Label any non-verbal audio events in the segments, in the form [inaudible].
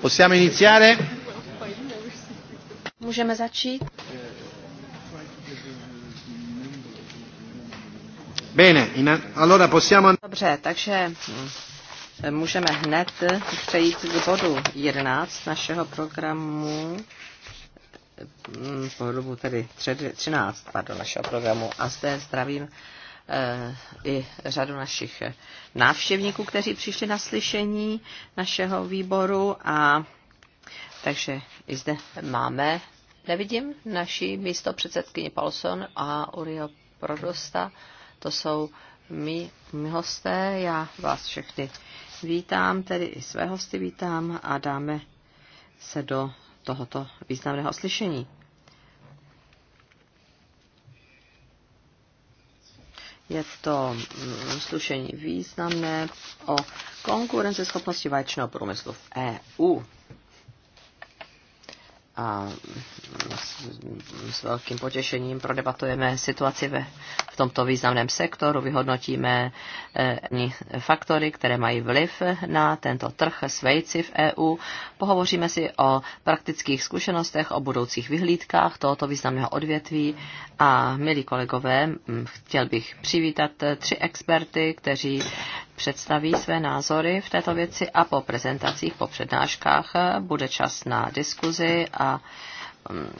Possiamo iniziare? Můžeme začít. Bene, in, allora possiamo... Dobře, takže hm, můžeme hned přejít k bodu 11 našeho programu hm, po dobu tedy 13 pardon, našeho programu a zde zdravím Eh, i řadu našich návštěvníků, kteří přišli na slyšení našeho výboru a takže i zde máme, nevidím, naší místo předsedkyně Paulson a Urio Prodosta. To jsou mý, mý hosté, já vás všechny vítám, tedy i své hosty vítám a dáme se do tohoto významného slyšení. je to mm, slušení významné o konkurenceschopnosti vaječného průmyslu v EU a s, s velkým potěšením prodebatujeme situaci ve, v tomto významném sektoru, vyhodnotíme e, faktory, které mají vliv na tento trh s vejci v EU, pohovoříme si o praktických zkušenostech, o budoucích vyhlídkách tohoto významného odvětví a, milí kolegové, chtěl bych přivítat eh, tři experty, kteří představí své názory v této věci a po prezentacích, po přednáškách eh, bude čas na diskuzi a mm,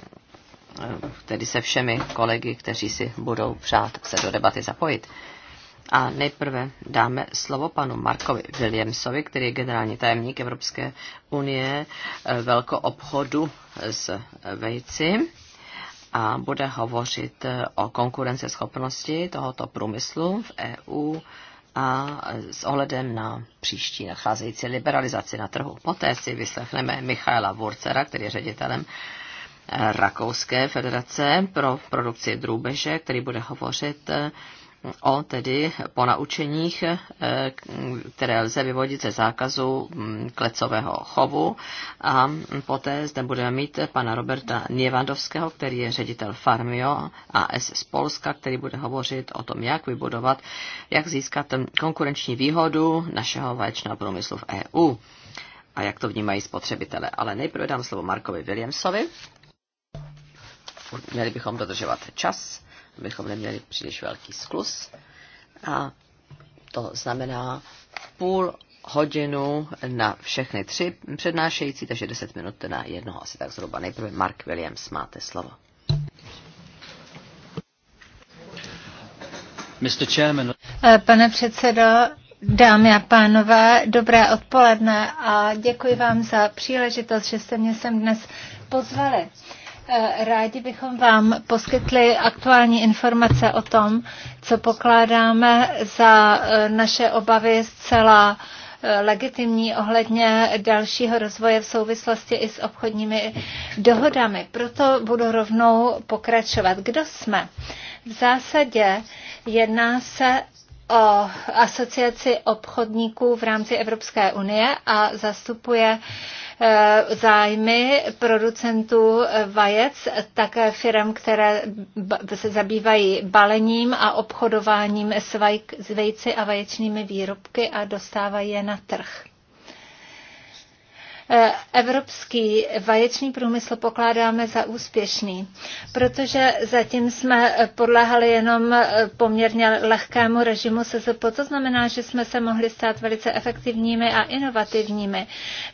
tedy se všemi kolegy, kteří si budou přát se do debaty zapojit. A nejprve dáme slovo panu Markovi Williamsovi, který je generální tajemník Evropské unie eh, velko obchodu s vejci a bude hovořit eh, o konkurenceschopnosti tohoto průmyslu v EU a s ohledem na příští nacházející liberalizaci na trhu. Poté si vyslechneme Michaela Wurcera, který je ředitelem eh, Rakouské federace pro produkci drůbeže, který bude hovořit eh, o tedy po naučeních, eh, které lze vyvodit ze zákazu mm, klecového chovu. A poté zde budeme mít pana Roberta Nievandovského, který je ředitel Farmio AS z Polska, který bude hovořit o tom, jak vybudovat, jak získat konkurenční výhodu našeho vaječného průmyslu v EU a jak to vnímají spotřebitele. Ale nejprve dám slovo Markovi Williamsovi. Měli bychom dodržovat čas abychom neměli příliš velký sklus. A to znamená půl hodinu na všechny tři přednášející, takže 10 minut na jednoho asi tak zhruba. Nejprve Mark Williams, máte slovo. Eh, pane předsedo, dámy a pánové, dobré odpoledne a děkuji vám za příležitost, že jste mě sem dnes pozvali. Eh, rádi bychom vám poskytli aktuální informace o tom, co pokládáme za eh, naše obavy zcela eh, legitimní ohledně dalšího rozvoje v souvislosti i s obchodními dohodami. Proto budu rovnou pokračovat. Kdo jsme? V zásadě jedná se o asociaci obchodníků v rámci Evropské unie a zastupuje Eh, zájmy producentů eh, vajec, tak eh, firm, které se zabývají balením a obchodováním s vajci a vaječnými výrobky a dostávají je na trh. E, evropský vaječný průmysl pokládáme za úspěšný, protože zatím jsme podléhali jenom e, poměrně lehkému režimu SZP. To znamená, že jsme se mohli stát velice efektivními a inovativními.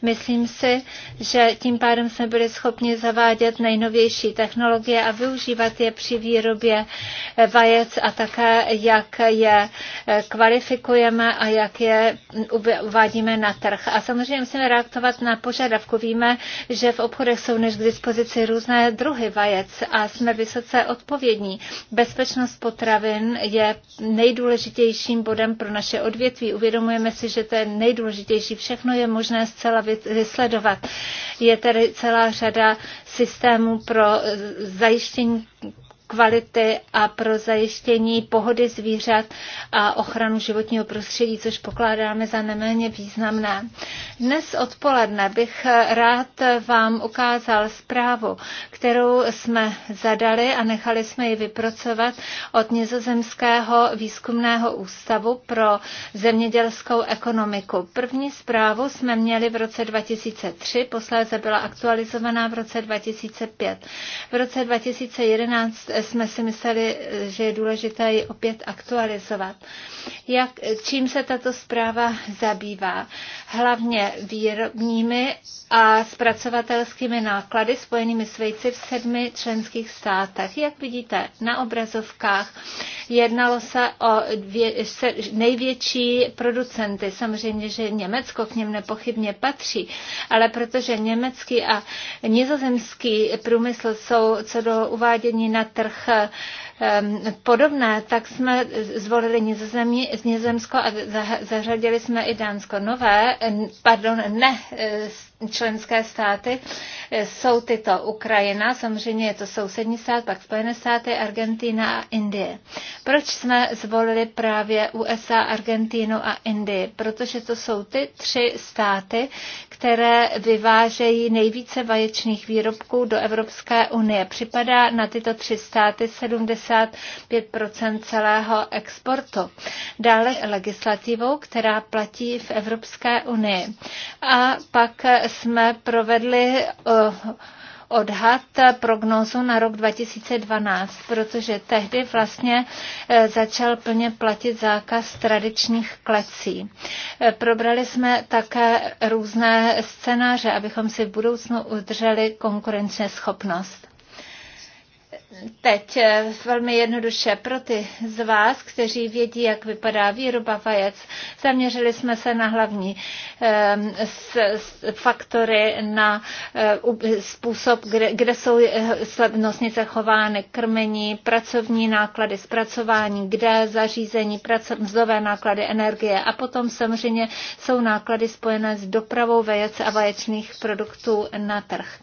Myslím si, že tím pádem jsme byli schopni zavádět nejnovější technologie a využívat je při výrobě e, vajec a také, jak je kvalifikujeme a jak je uvádíme na trh. A samozřejmě musíme reaktovat na požadavku. Víme, že v obchodech jsou než k dispozici různé druhy vajec a jsme vysoce odpovědní. Bezpečnost potravin je nejdůležitějším bodem pro naše odvětví. Uvědomujeme si, že to je nejdůležitější. Všechno je možné zcela vysledovat. Je tady celá řada systémů pro eh, zajištění kvality a pro zajištění pohody zvířat a ochranu životního prostředí, což pokládáme za neméně významné. Dnes odpoledne bych rád vám ukázal zprávu, kterou jsme zadali a nechali jsme ji vypracovat od Nizozemského výzkumného ústavu pro zemědělskou ekonomiku. První zprávu jsme měli v roce 2003, posléze byla aktualizovaná v roce 2005. V roce 2011 jsme si mysleli, že je důležité ji opět aktualizovat. Jak, čím se tato zpráva zabývá? Hlavně výrobními a zpracovatelskými náklady spojenými s vejci v sedmi členských státech. Jak vidíte na obrazovkách, jednalo se o dvě, se, největší producenty. Samozřejmě, že Německo k něm nepochybně patří, ale protože německý a nizozemský průmysl jsou co do uvádění na trh, návrh ehm, podobné, tak jsme zvolili Nizozemí, Nizozemsko a zařadili jsme i Dánsko. Nové, pardon, ne eh, členské státy jsou tyto Ukrajina, samozřejmě je to sousední stát, pak Spojené státy, Argentina a Indie. Proč jsme zvolili právě USA, Argentínu a Indii? Protože to jsou ty tři státy, které vyvážejí nejvíce vaječných výrobků do Evropské unie. Připadá na tyto tři státy 75 celého exportu. Dále legislativou, která platí v Evropské unii. A pak jsme provedli eh, odhad prognózu na rok 2012, protože tehdy vlastně eh, začal plně platit zákaz tradičních klecí. Eh, probrali jsme také různé scénáře, abychom si v budoucnu udrželi konkurenceschopnost. Teď eh, velmi jednoduše pro ty z vás, kteří vědí, jak vypadá výroba vajec, zaměřili jsme se na hlavní ehm, faktory, na eh, způsob, kde, kde jsou eh, nosnice chovány, krmení, pracovní náklady, zpracování, kde zařízení, mzdové náklady, energie a potom samozřejmě jsou náklady spojené s dopravou vajec a vaječných produktů na trh.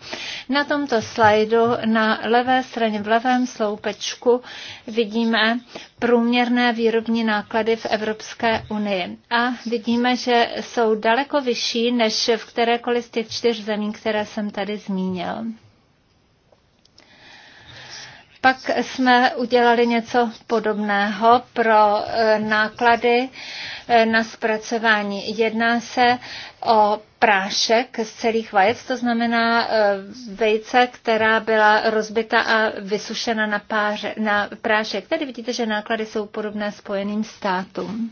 Na tomto slajdu na levé straně vlevo pravém sloupečku vidíme průměrné výrobní náklady v Evropské unii. A vidíme, že jsou daleko vyšší než v kterékoliv z těch čtyř zemí, které jsem tady zmínil. Pak jsme udělali něco podobného pro eh, náklady eh, na zpracování. Jedná se o prášek z celých vajec, to znamená eh, vejce, která byla rozbita a vysušena na, páře, na prášek. Tady vidíte, že náklady jsou podobné Spojeným státům.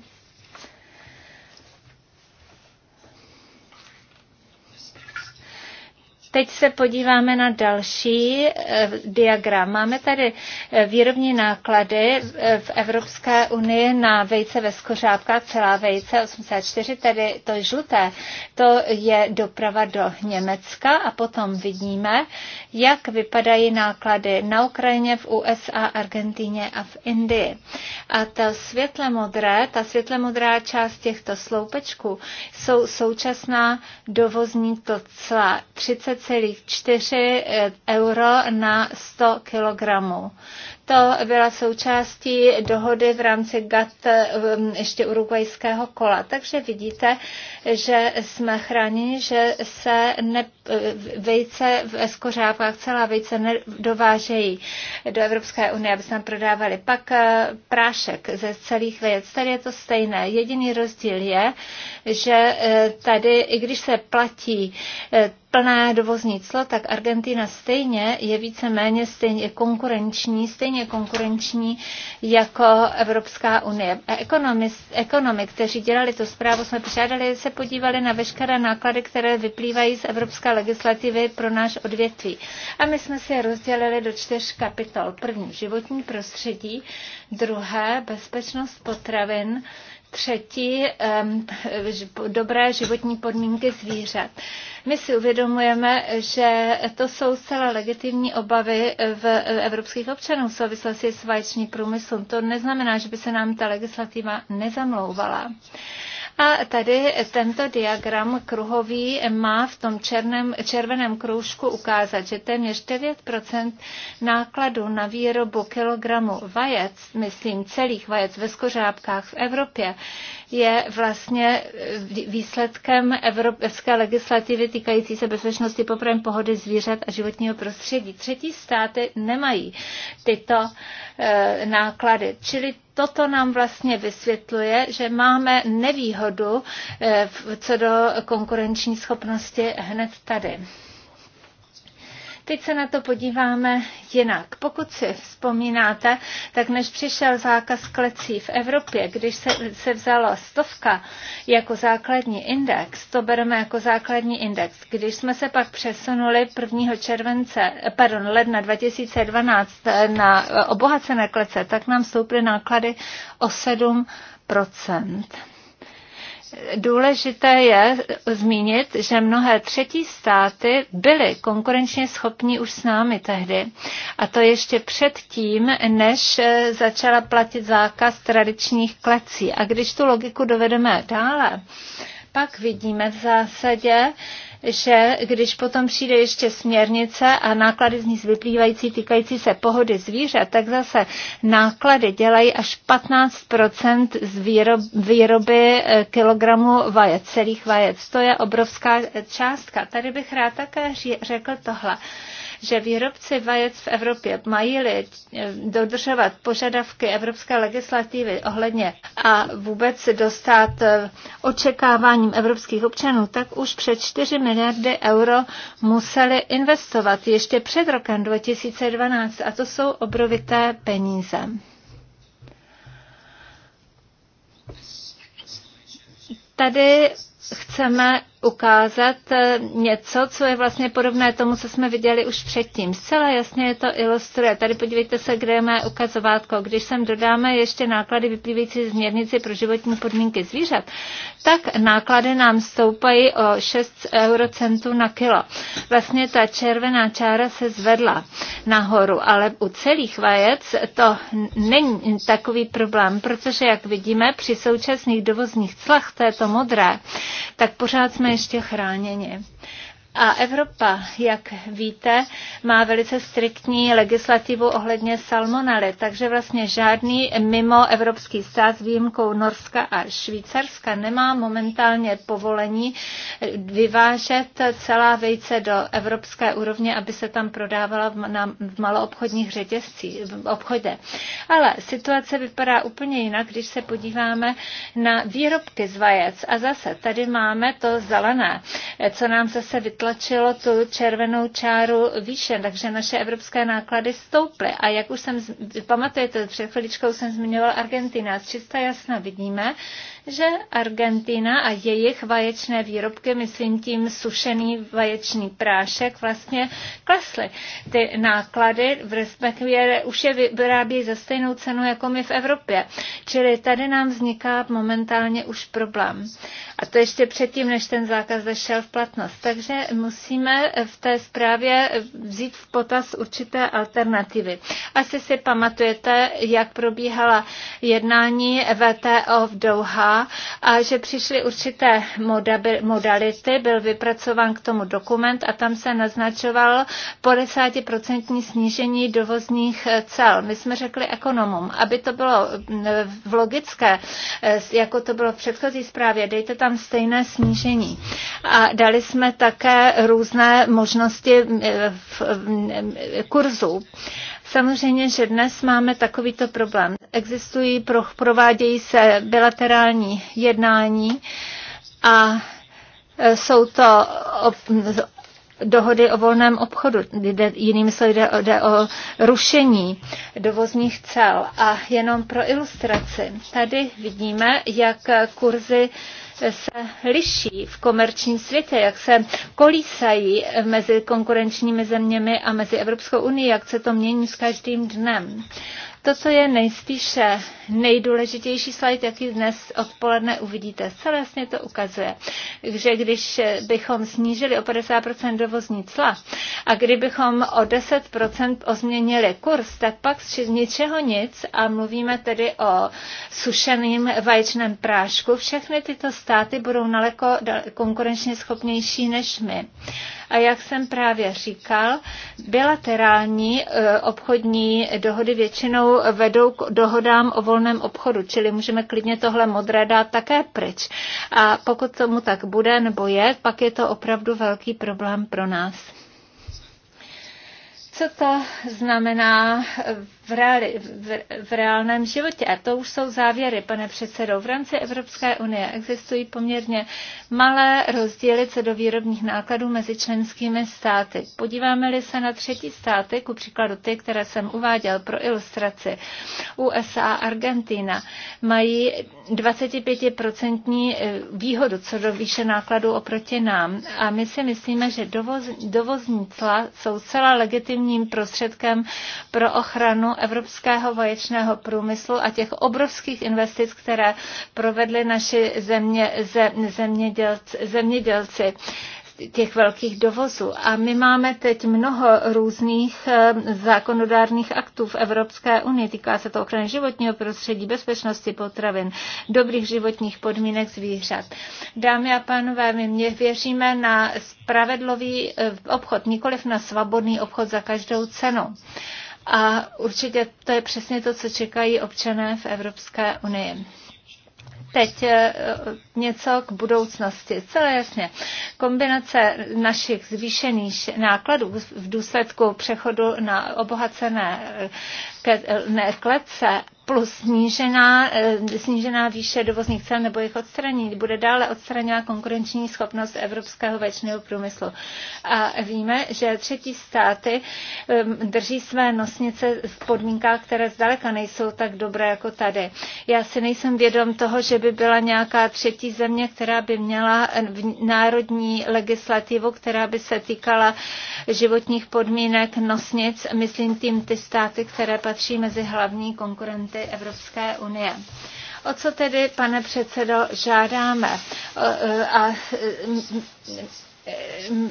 Teď se podíváme na další eh, diagram. Máme tady eh, výrobní náklady eh, v Evropské unii na vejce ve skořápkách, celá vejce 84, tedy to žluté, to je doprava do Německa a potom vidíme, jak vypadají náklady na Ukrajině, v USA, Argentíně a v Indii. A ta světle modré, ta světle modrá část těchto sloupečků jsou současná dovozní to celá 30 4,4 eh, euro na 100 kilogramů. To byla součástí dohody v rámci GATT ehm, ještě urugvajského kola. Takže vidíte, že jsme chráněni, že se ne, eh, vejce v skořápkách, celá vejce nedovážejí do Evropské unie, aby se nám prodávali. Pak eh, prášek ze celých vejec. Tady je to stejné. Jediný rozdíl je, že tady, i když se platí plná dovozní cla, tak Argentina stejně je více-méně stejně konkurenční, stejně konkurenční jako Evropská unie. A ekonomi, kteří dělali tu zprávu, jsme přijadali, se podívali na veškeré náklady, které vyplývají z evropské legislativy pro náš odvětví. A my jsme si je rozdělili do čtyř kapitol. První životní prostředí, druhé bezpečnost potravin, třetí dobré životní podmínky zvířat. My si uvědomujeme, že to jsou zcela legitimní obavy v e, evropských občanů v souvislosti s vaječním průmyslem. To neznamená, že by se nám ta legislativa nezamlouvala. A tady tento diagram kruhový má v tom černém, červeném kroužku ukázat, že téměř 9% nákladu na výrobu kilogramu vajec, myslím celých vajec ve skořápkách v Evropě, je vlastně eh, výsledkem evropské legislativy týkající se bezpečnosti poprvé pohody zvířat a životního prostředí. Třetí státy nemají tyto eh, náklady, čili toto nám vlastně vysvětluje, že máme nevýhodu eh, co do konkurenční schopnosti hned tady. Teď se na to podíváme jinak. Pokud si vzpomínáte, tak než přišel zákaz klecí v Evropě, když se, se vzala stovka jako základní index, to bereme jako základní index. Když jsme se pak přesunuli 1. července, pardon, ledna 2012 na obohacené klece, tak nám stouply náklady o 7 Důležité je zmínit, že mnohé třetí státy byly konkurenčně schopní už s námi tehdy. A to ještě předtím, než začala platit zákaz tradičních klecí. A když tu logiku dovedeme dále, pak vidíme v zásadě, že když potom přijde ještě směrnice a náklady z ní vyplývající týkající se pohody zvířat, tak zase náklady dělají až 15 z výrob, výroby eh, kilogramu vajec, celých vajec. To je obrovská eh, částka. Tady bych rád také řekl tohle že výrobci vajec v Evropě mají-li eh, dodržovat požadavky evropské legislativy ohledně a vůbec dostat eh, očekáváním evropských občanů, tak už před 4 miliardy euro museli investovat ještě před rokem 2012 a to jsou obrovité peníze. Tady chceme ukázat eh, něco, co je vlastně podobné tomu, co jsme viděli už předtím. Zcela jasně je to ilustruje. Tady podívejte se, kde je mé ukazovátko. Když sem dodáme ještě náklady vyplývající z měrnici pro životní podmínky zvířat, tak náklady nám stoupají o 6 eurocentů na kilo. Vlastně ta červená čára se zvedla nahoru, ale u celých vajec to není takový problém, protože, jak vidíme, při současných dovozních clach, to je to modré, tak pořád jsme jsme ještě chráněni. A Evropa, jak víte, má velice striktní legislativu ohledně salmonely, takže vlastně žádný mimo evropský stát s výjimkou Norska a Švýcarska nemá momentálně povolení vyvážet celá vejce do evropské úrovně, aby se tam prodávala v, na, v maloobchodních řetězcích, v obchode. Ale situace vypadá úplně jinak, když se podíváme na výrobky z vajec. A zase tady máme to zelené, co nám zase vypadá překročilo tu červenou čáru výše, takže naše evropské náklady stouply. A jak už jsem, pamatujete, před chviličkou jsem zmiňovala Argentina, čista jasno vidíme, že Argentina a jejich vaječné výrobky, myslím tím sušený vaječný prášek, vlastně klesly. Ty náklady v respektive už je vyrábí za stejnou cenu jako my v Evropě. Čili tady nám vzniká momentálně už problém. A to ještě předtím, než ten zákaz zašel v platnost. Takže musíme v té zprávě vzít v potaz určité alternativy. Asi si pamatujete, jak probíhala jednání VTO v Doha a že přišly určité modality, byl vypracován k tomu dokument a tam se naznačoval 50% snížení dovozních eh, cel. My jsme řekli ekonomům, aby to bylo mm, v logické, eh, jako to bylo v předchozí zprávě, dejte tam stejné snížení. A dali jsme také různé možnosti mm, eh, mm, kurzů. Samozřejmě, že dnes máme takovýto problém. Existují, pro, provádějí se bilaterální jednání a e, jsou to ob, dohody o volném obchodu, jde, jinými slovy jde, jde o rušení dovozních cel. A jenom pro ilustraci, tady vidíme, jak kurzy se liší v komerčním světě, jak se kolísají mezi konkurenčními zeměmi a mezi Evropskou unii, jak se to mění s každým dnem. To, co je nejspíše nejdůležitější slide, jaký dnes odpoledne uvidíte, celé jasně to ukazuje, že když bychom snížili o 50% dovozní cla a kdybychom o 10% ozměnili kurz, tak pak z ničeho nic a mluvíme tedy o sušeným vaječném prášku, všechny tyto státy budou daleko konkurenčně schopnější než my. A jak jsem právě říkal, bilaterální eh, obchodní dohody většinou vedou k dohodám o volném obchodu, čili můžeme klidně tohle modré dát také pryč. A pokud tomu tak bude nebo je, pak je to opravdu velký problém pro nás co to znamená eh, v, reali, v, v reálném životě. A to už jsou závěry, pane předsedo. V rámci Evropské unie existují poměrně malé rozdíly co do výrobních nákladů mezi členskými státy. Podíváme-li se na třetí státy, ku příkladu ty, které jsem uváděl pro ilustraci, USA a Argentina, mají 25% eh, výhodu co do výše nákladů oproti nám. A my si myslíme, že dovoz, dovozní cla jsou celá legitimním prostředkem pro ochranu evropského vaječného průmyslu a těch obrovských investic, které provedly naši země, zem, zemědělci. zemědělci těch velkých dovozů. A my máme teď mnoho různých eh, zákonodárných aktů v Evropské unii. Týká se to ochrany životního prostředí, bezpečnosti potravin, dobrých životních podmínek zvířat. Dámy a pánové, my mě věříme na spravedlivý eh, obchod, nikoliv na svobodný obchod za každou cenu. A určitě to je přesně to, co čekají občané v Evropské unii. Teď eh, něco k budoucnosti. Celé jasně. Kombinace našich zvýšených nákladů v důsledku přechodu na obohacené eh, klece plus snížená, eh, snížená výše dovozních cen nebo jejich odstranění bude dále odstraňovat konkurenční schopnost evropského večného průmyslu. A víme, že třetí státy eh, drží své nosnice v podmínkách, které zdaleka nejsou tak dobré jako tady. Já si nejsem vědom toho, že by byla nějaká třetí země, která by měla národní legislativu, která by se týkala životních podmínek nosnic, myslím tím ty státy, které patří mezi hlavní konkurenty rady Evropské unie. O co tedy, pane předsedo, žádáme? E, a e,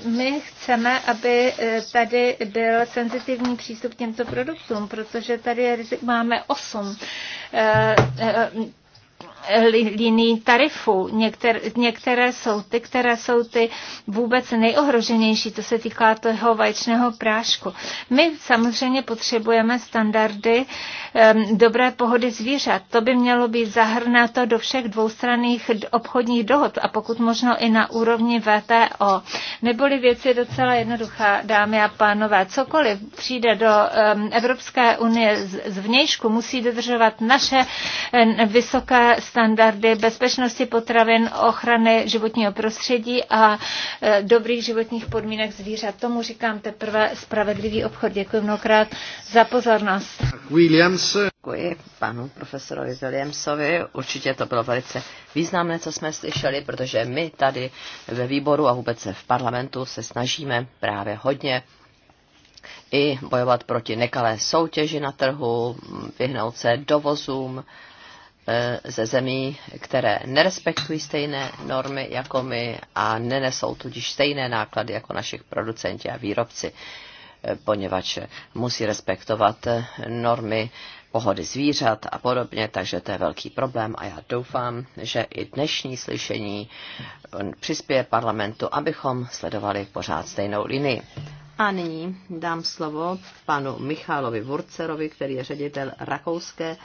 my chceme, aby e, tady byl senzitivní přístup k těmto produktům, protože tady máme osm linií tarifů. Některé, některé jsou ty, které jsou ty vůbec nejohroženější, to se týká toho vaječného prášku. My samozřejmě potřebujeme standardy um, dobré pohody zvířat. To by mělo být zahrnáto do všech dvoustranných obchodních dohod a pokud možno i na úrovni VTO. Neboli věc je docela jednoduchá, dámy a pánové. Cokoliv přijde do um, Evropské unie z, zvnějšku, musí dodržovat naše um, vysoké standardy standardy bezpečnosti potravin, ochrany životního prostředí a e, dobrých životních podmínek zvířat. Tomu říkám teprve spravedlivý obchod. Děkuji mnohokrát za pozornost. Williams. Děkuji panu profesorovi Williamsovi. Určitě to bylo velice významné, co jsme slyšeli, protože my tady ve výboru a vůbec v parlamentu se snažíme právě hodně i bojovat proti nekalé soutěži na trhu, vyhnout se dovozům, E, ze zemí, které nerespektují stejné normy jako my a nenesou tudíž stejné náklady jako našich producenti a výrobci, e, poněvadž musí respektovat e, normy pohody zvířat a podobně, takže to je velký problém a já doufám, že i dnešní slyšení přispěje parlamentu, abychom sledovali pořád stejnou linii. A nyní dám slovo panu Michalovi Wurcerovi, který je ředitel rakouské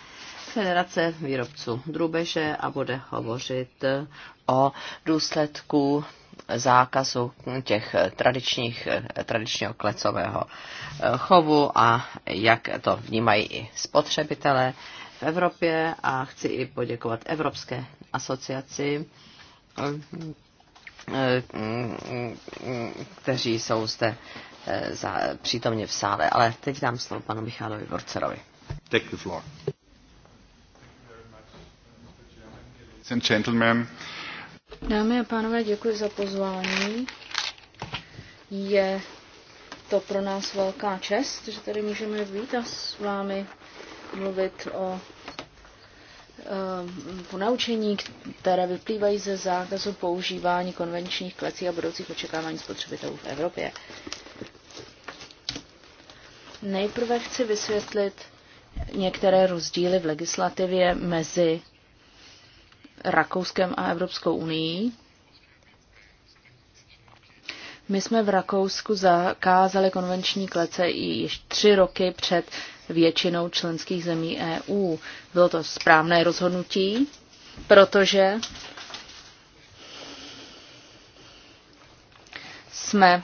Konfederace výrobců drůbeže a bude hovořit o důsledku zákazu těch tradičních, tradičního klecového chovu a jak to vnímají i spotřebitelé v Evropě a chci i poděkovat Evropské asociaci, kteří jsou zde eh, přítomně v sále. Ale teď dám slovo panu Michalovi Vorcerovi. Take the floor. Dámy a pánové, děkuji za pozvání. Je to pro nás velká čest, že tady můžeme být a s vámi mluvit o ponaučení, eh, které vyplývají ze zákazu používání konvenčních klecí a budoucích očekávání spotřebitelů v Evropě. Nejprve chci vysvětlit některé rozdíly v legislativě mezi Rakouskem a Evropskou unii. My jsme v Rakousku zakázali konvenční klece i již tři roky před většinou členských zemí EU. Bylo to správné rozhodnutí, protože jsme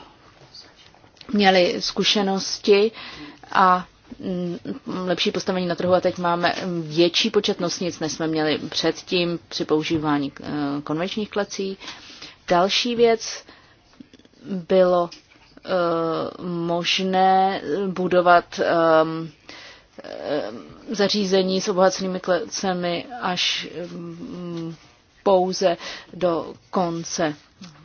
měli zkušenosti a Mm, lepší postavení na trhu a teď máme větší počet nosnic, než jsme měli předtím při používání eh, konvenčních klecí. Další věc bylo eh, možné budovat ehm, ehm, zařízení s obohacenými klecemi až mm, pouze do konce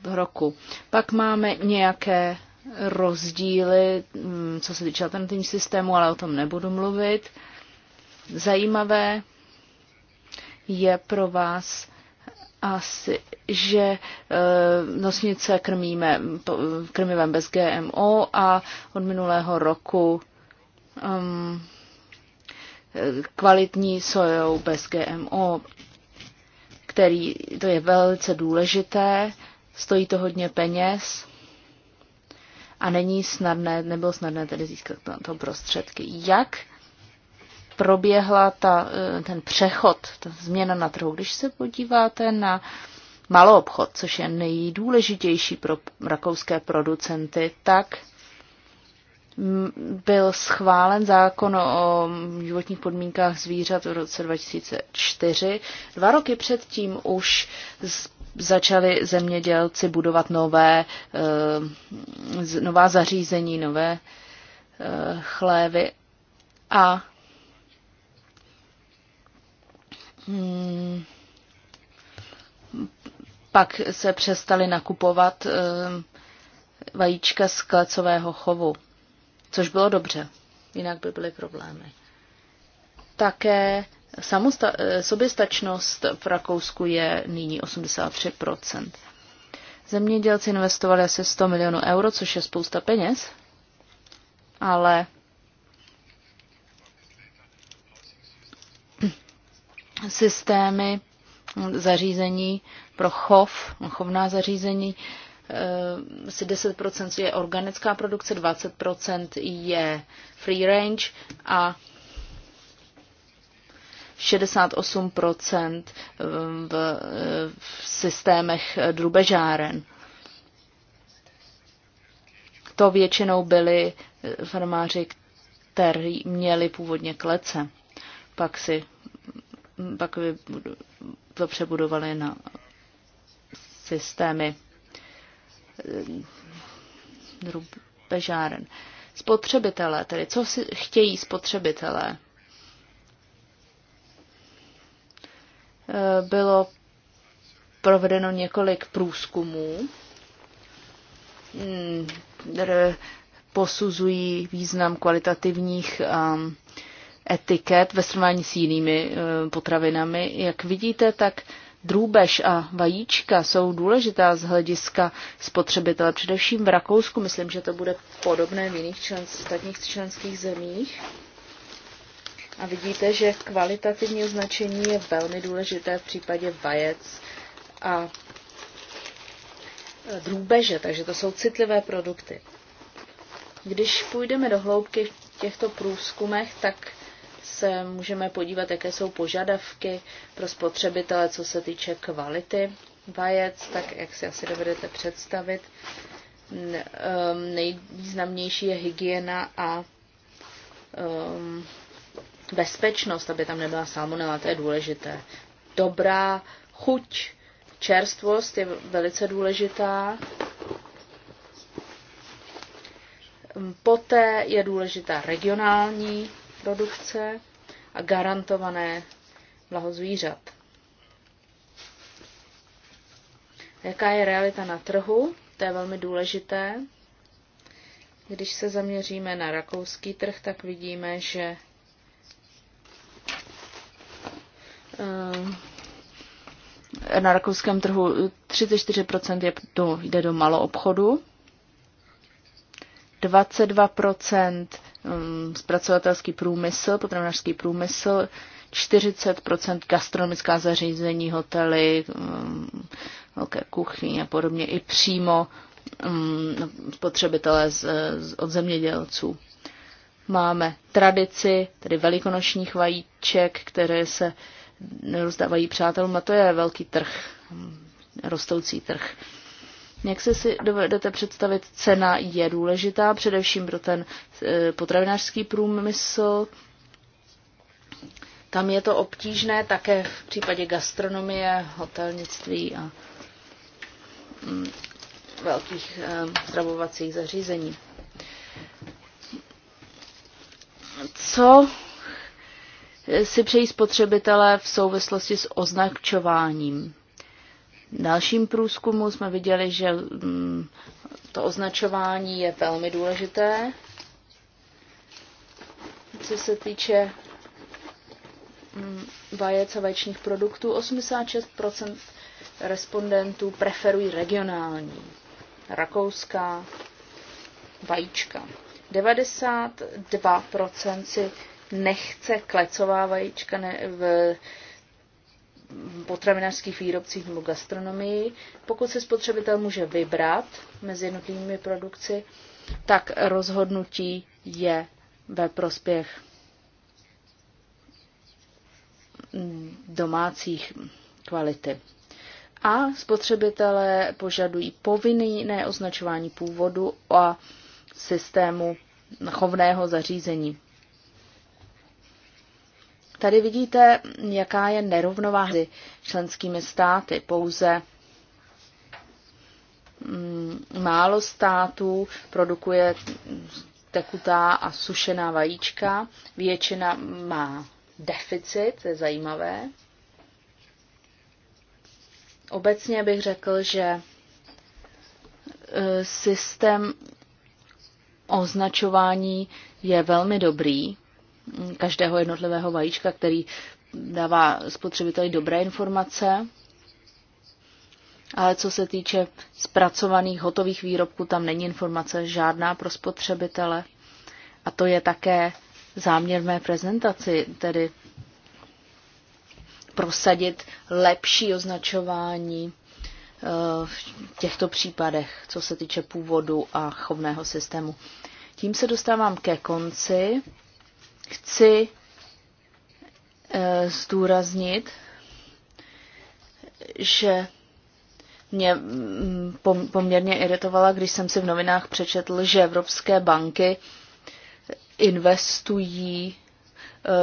roku. Pak máme nějaké rozdíly, mm, co se týče alternativních systémů, ale o tom nebudu mluvit. Zajímavé je pro vás asi, že e, nosnice krmíme krmivem bez GMO a od minulého roku um, kvalitní sojou bez GMO, který to je velice důležité, stojí to hodně peněz a není snadné, nebylo snadné tedy získat na to prostředky. Jak proběhla ta, e, ten přechod, ta změna na trhu? Když se podíváte na malou obchod, což je nejdůležitější pro rakouské producenty, tak byl schválen zákon o životních podmínkách zvířat v roce 2004. Dva roky předtím už začali zemědělci budovat nové, eh, nová zařízení, nové eh, chlévy a hmm, pak se přestali nakupovat eh, vajíčka z klecového chovu, což bylo dobře, jinak by byly problémy. Také Samosta- eh, soběstačnost v Rakousku je nyní 83 Zemědělci investovali asi 100 milionů euro, což je spousta peněz, ale systémy zařízení pro chov, chovná zařízení, eh, asi 10% je organická produkce, 20% je free range a 68 ehm, v, ehm, v systémech eh, drubežáren. To většinou byli eh, farmáři, kteří měli původně klece. Pak si mm, pak to přebudovali na systémy ehm, drubežáren. Spotřebitelé, tedy co si chtějí spotřebitelé? Eh, bylo provedeno několik průzkumů, hmm, které posuzují význam kvalitativních ehm, etiket ve srovnání s jinými eh, potravinami. Jak vidíte, tak drůbež a vajíčka jsou důležitá z hlediska spotřebitele, především v Rakousku. Myslím, že to bude podobné v jiných člen, ostatních členských zemích. A vidíte, že kvalitativní označení je velmi důležité v případě vajec a drůbeže, takže to jsou citlivé produkty. Když půjdeme do hloubky v těchto průzkumech, tak se můžeme podívat, jaké jsou požadavky pro spotřebitele, co se týče kvality vajec, tak jak si asi dovedete představit. Ehm, nejvýznamnější je hygiena a um, bezpečnost, aby tam nebyla salmonela, to je důležité. Dobrá chuť, čerstvost je velice důležitá. Mm, poté je důležitá regionální produkce a garantované blaho zvířat. Jaká je realita na trhu? To je velmi důležité. Když se zaměříme na rakouský trh, tak vidíme, že Eh, na rakouském trhu 34% je do, jde do maloobchodu, 22% mm, zpracovatelský průmysl, potravinářský průmysl, 40% gastronomická zařízení, hotely, mm, velké kuchyně a podobně, i přímo mm, spotřebitelé z, z, od zemědělců. Máme tradici, tedy velikonočních vajíček, které se uh, rozdávají přátelům a to je velký trh, rostoucí trh. Jak se si dovedete představit, cena je důležitá, především pro ten e, potravinářský průmysl. Tam je to obtížné také v případě gastronomie, hotelnictví a mm, velkých e, stravovacích zařízení. Co si přejí spotřebitelé v souvislosti s označováním. V dalším průzkumu jsme viděli, že mm, to označování je velmi důležité. Co se týče mm, vajec a vajčních produktů, 86% respondentů preferují regionální, rakouská vajíčka. 92% si nechce klecová vajíčka ne, v potravinářských výrobcích nebo gastronomii. Pokud se spotřebitel může vybrat mezi jednotlivými produkci, tak rozhodnutí je ve prospěch domácích kvality. A spotřebitelé požadují povinné označování původu a systému chovného zařízení. Tady vidíte, jaká je nerovnováha mezi členskými státy. Pouze mm, málo států produkuje tekutá a sušená vajíčka. Většina má deficit, to je zajímavé. Obecně bych řekl, že e, systém označování je velmi dobrý, každého jednotlivého vajíčka, který dává spotřebiteli dobré informace. Ale co se týče zpracovaných hotových výrobků, tam není informace žádná pro spotřebitele. A to je také záměr mé prezentaci, tedy prosadit lepší označování eh, v těchto případech, co se týče původu a chovného systému. Tím se dostávám ke konci Chci eh, zdůraznit, že mě mm, poměrně iritovala, když jsem si v novinách přečetl, že evropské banky investují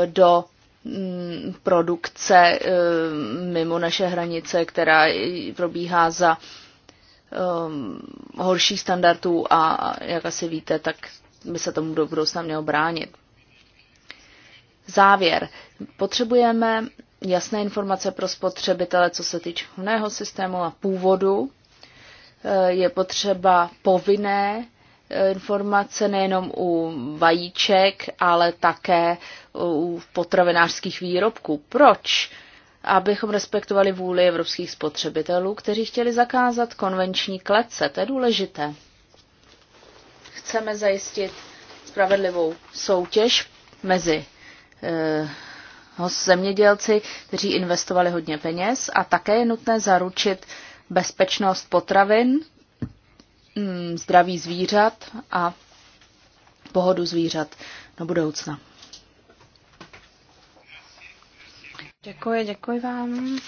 eh, do mm, produkce eh, mimo naše hranice, která probíhá za horší standardů a jak asi víte, tak by se tomu do budoucna mělo bránit. Závěr. Potřebujeme jasné informace pro spotřebitele, co se týče chovného systému a původu. Eh, je potřeba povinné eh, informace nejenom u vajíček, ale také u potravinářských výrobků. Proč? Abychom respektovali vůli evropských spotřebitelů, kteří chtěli zakázat konvenční klece. To je důležité. Chceme zajistit spravedlivou soutěž mezi Eh, zemědělci, kteří investovali hodně peněz a také je nutné zaručit bezpečnost potravin, mm, zdraví zvířat a pohodu zvířat do budoucna. Děkuji, děkuji vám.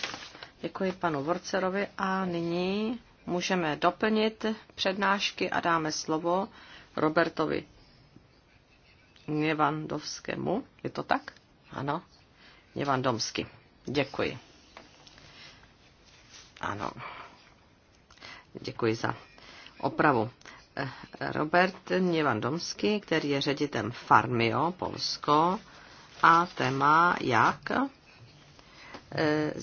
Děkuji panu Vorcerovi a nyní můžeme doplnit přednášky a dáme slovo Robertovi Nevandovskému. Je to tak? Ano. Nevandomsky. Děkuji. Ano. Děkuji za opravu. Eh, Robert Nevandomsky, který je ředitem Farmio Polsko a téma jak eh,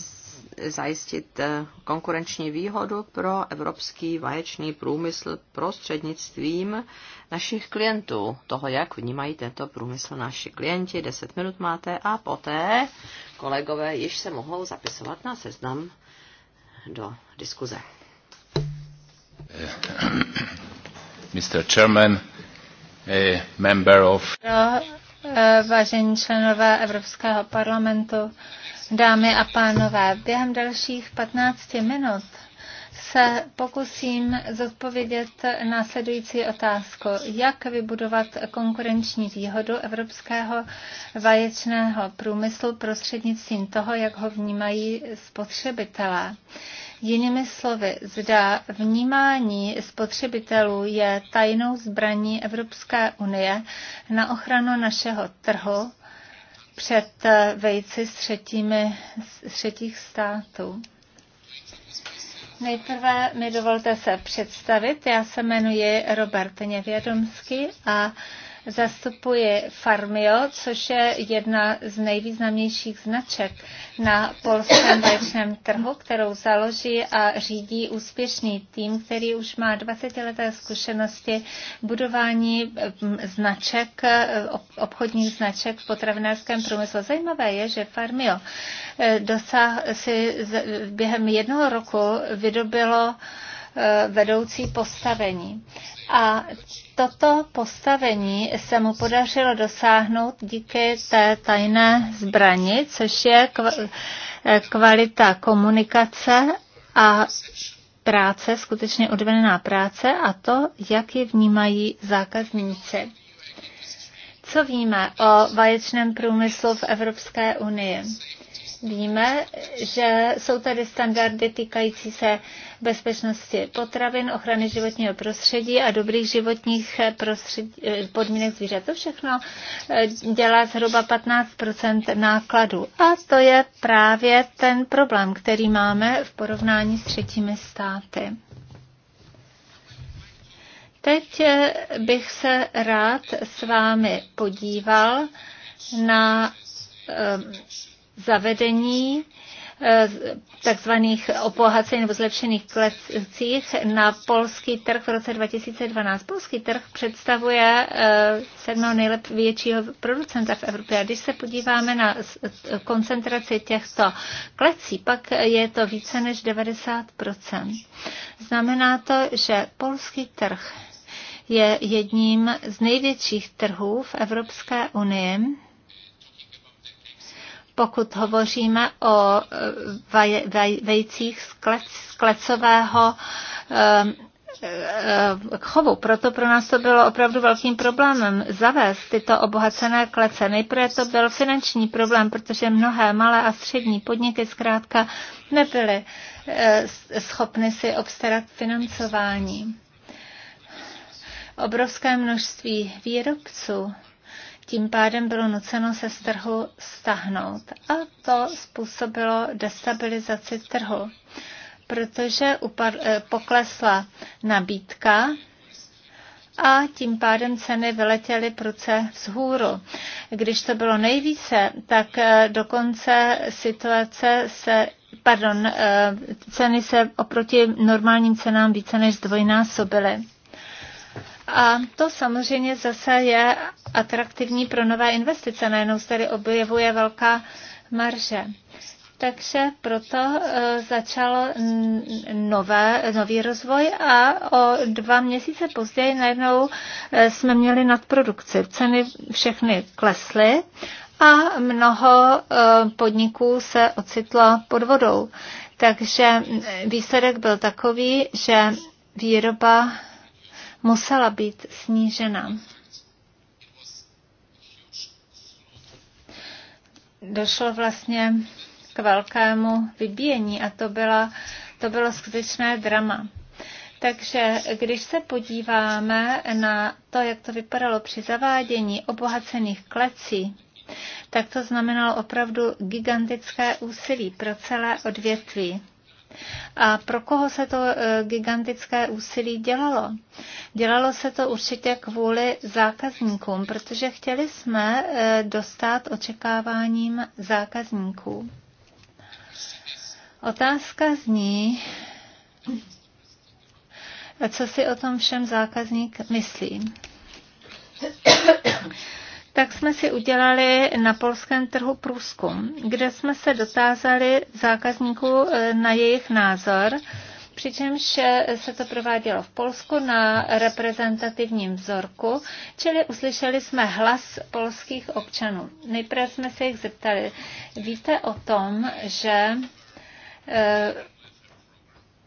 zajistit eh, konkurenční výhodu pro evropský vaječný průmysl prostřednictvím našich klientů, toho, jak vnímají tento průmysl naši klienti. 10 minut máte a poté kolegové již se mohou zapisovat na seznam do diskuze. Eh, [coughs] Mr. Chairman, a eh, member of... vážení členové Evropského parlamentu, Dámy a pánové, během dalších 15 minut se pokusím zodpovědět následující otázku. Jak vybudovat konkurenční výhodu evropského vaječného průmyslu prostřednictvím toho, jak ho vnímají spotřebitelé? Jinými slovy, zda vnímání spotřebitelů je tajnou zbraní Evropské unie na ochranu našeho trhu před vejci z, třetími, z třetích států. Nejprve mi dovolte se představit. Já se jmenuji Robert Nevědomský a Zastupuji Farmio, což je jedna z nejvýznamnějších značek na polském vaječném trhu, kterou založí a řídí úspěšný tým, který už má 20 leté zkušenosti budování mm, značek, eh, obchodních značek v potravinářském průmyslu. Zajímavé je, že Farmio eh, dosáh si během jednoho roku vydobilo Eh, vedoucí postavení. A toto postavení se mu podařilo dosáhnout díky té tajné zbrani, což je eh, kvalita komunikace a práce, skutečně odvedená práce a to, jak ji vnímají zákazníci. Co víme o vaječném průmyslu v Evropské unii? Víme, že jsou tady standardy týkající se bezpečnosti potravin, ochrany životního prostředí a dobrých životních prostředí, eh, podmínek zvířat. To všechno eh, dělá zhruba 15 nákladů. A to je právě ten problém, který máme v porovnání s třetími státy. Teď eh, bych se rád s vámi podíval na zavedení eh, takzvaných opohacení nebo zlepšených klecích na polský trh v roce 2012. Polský trh představuje eh, sedmého největšího producenta v Evropě. A když se podíváme na koncentraci těchto klecí, pak je to více než 90 Znamená to, že polský trh je jedním z největších trhů v Evropské unii pokud hovoříme o eh, vaj, vaj, vejcích z, klec, z klecového eh, eh, chovu. Proto pro nás to bylo opravdu velkým problémem zavést tyto obohacené klece. Nejprve to byl finanční problém, protože mnohé malé a střední podniky zkrátka nebyly schopny si obstarat financování. Obrovské množství výrobců tím pádem bylo nuceno se z trhu stahnout. A to způsobilo destabilizaci trhu, protože eh, poklesla nabídka a tím pádem ceny vyletěly pruce vzhůru. Když to bylo nejvíce, tak eh, dokonce situace se pardon, eh, ceny se oproti normálním cenám více než zdvojnásobily. A to samozřejmě zase je atraktivní pro nové investice. Najednou se tady objevuje velká marže. Takže proto e, začal nové, nový rozvoj a o dva měsíce později najednou e, jsme měli nadprodukci. Ceny všechny klesly a mnoho e, podniků se ocitlo pod vodou. Takže výsledek byl takový, že výroba musela být snížena. Došlo vlastně k velkému vybíjení a to, byla, to bylo skutečné drama. Takže když se podíváme na to, jak to vypadalo při zavádění obohacených klecí, tak to znamenalo opravdu gigantické úsilí pro celé odvětví. A pro koho se to e, gigantické úsilí dělalo? Dělalo se to určitě kvůli zákazníkům, protože chtěli jsme e, dostat očekáváním zákazníků. Otázka zní, co si o tom všem zákazník myslí tak jsme si udělali na polském trhu průzkum, kde jsme se dotázali zákazníků eh, na jejich názor, přičemž eh, se to provádělo v Polsku na reprezentativním vzorku, čili uslyšeli jsme hlas polských občanů. Nejprve jsme se jich zeptali, víte o tom, že eh,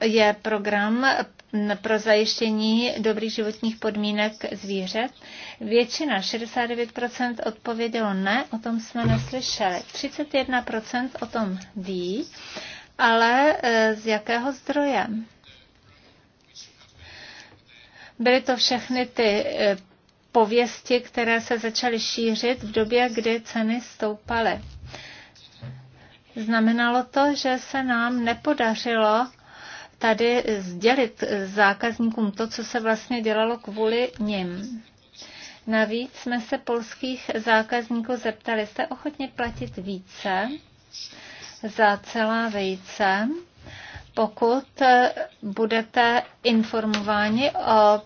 je program pro zajištění dobrých životních podmínek zvířat. Většina, 69% odpovědělo ne, o tom jsme neslyšeli. 31% o tom ví, ale e, z jakého zdroje? Byly to všechny ty e, pověsti, které se začaly šířit v době, kdy ceny stoupaly. Znamenalo to, že se nám nepodařilo tady sdělit zákazníkům to, co se vlastně dělalo kvůli nim. Navíc jsme se polských zákazníků zeptali, jste ochotně platit více za celá vejce, pokud budete informováni o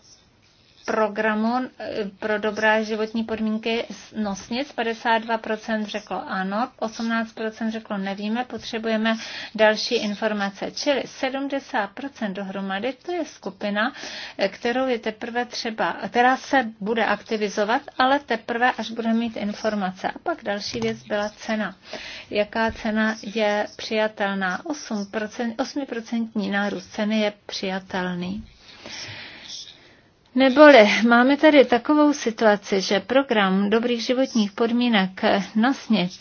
programu eh, pro dobré životní podmínky nosnic. 52% řeklo ano, 18% řeklo nevíme, potřebujeme další informace. Čili 70% dohromady to je skupina, eh, kterou je teprve třeba, která se bude aktivizovat, ale teprve, až bude mít informace. A pak další věc byla cena. Jaká cena je přijatelná? 8%, 8% nárůst ceny je přijatelný. Neboli máme tady takovou situaci, že program dobrých životních podmínek nosnic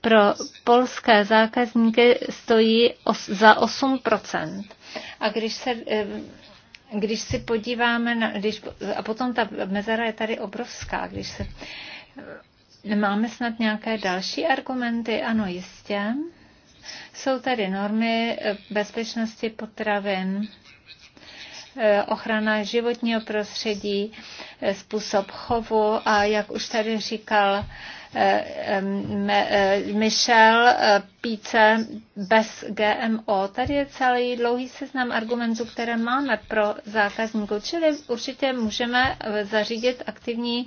pro polské zákazníky stojí za 8%. A když se eh, když si podíváme na, když, a potom ta mezera je tady obrovská, když se eh, máme snad nějaké další argumenty, ano jistě. Jsou tady normy eh, bezpečnosti potravin, Eh, ochrana životního prostředí, eh, způsob chovu a jak už tady říkal Eh, eh, Michel eh, píce bez GMO. Tady je celý dlouhý seznam argumentů, které máme pro zákazníků, čili určitě můžeme zařídit aktivní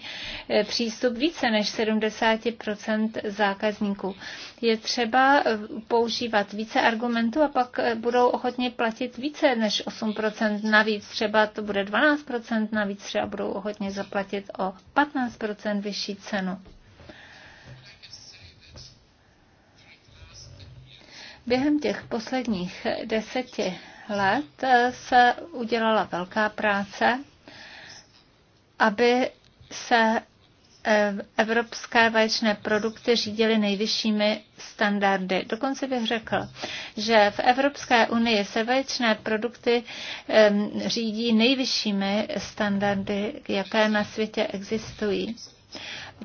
přístup více než 70% zákazníků. Je třeba používat více argumentů a pak budou ochotně platit více než 8% navíc, třeba to bude 12% navíc, třeba budou ochotně zaplatit o 15% vyšší cenu. Během těch posledních deseti let se udělala velká práce, aby se eh, evropské vaječné produkty řídily nejvyššími standardy. Dokonce bych řekl, že v Evropské unii se vaječné produkty ehm, řídí nejvyššími standardy, jaké na světě existují.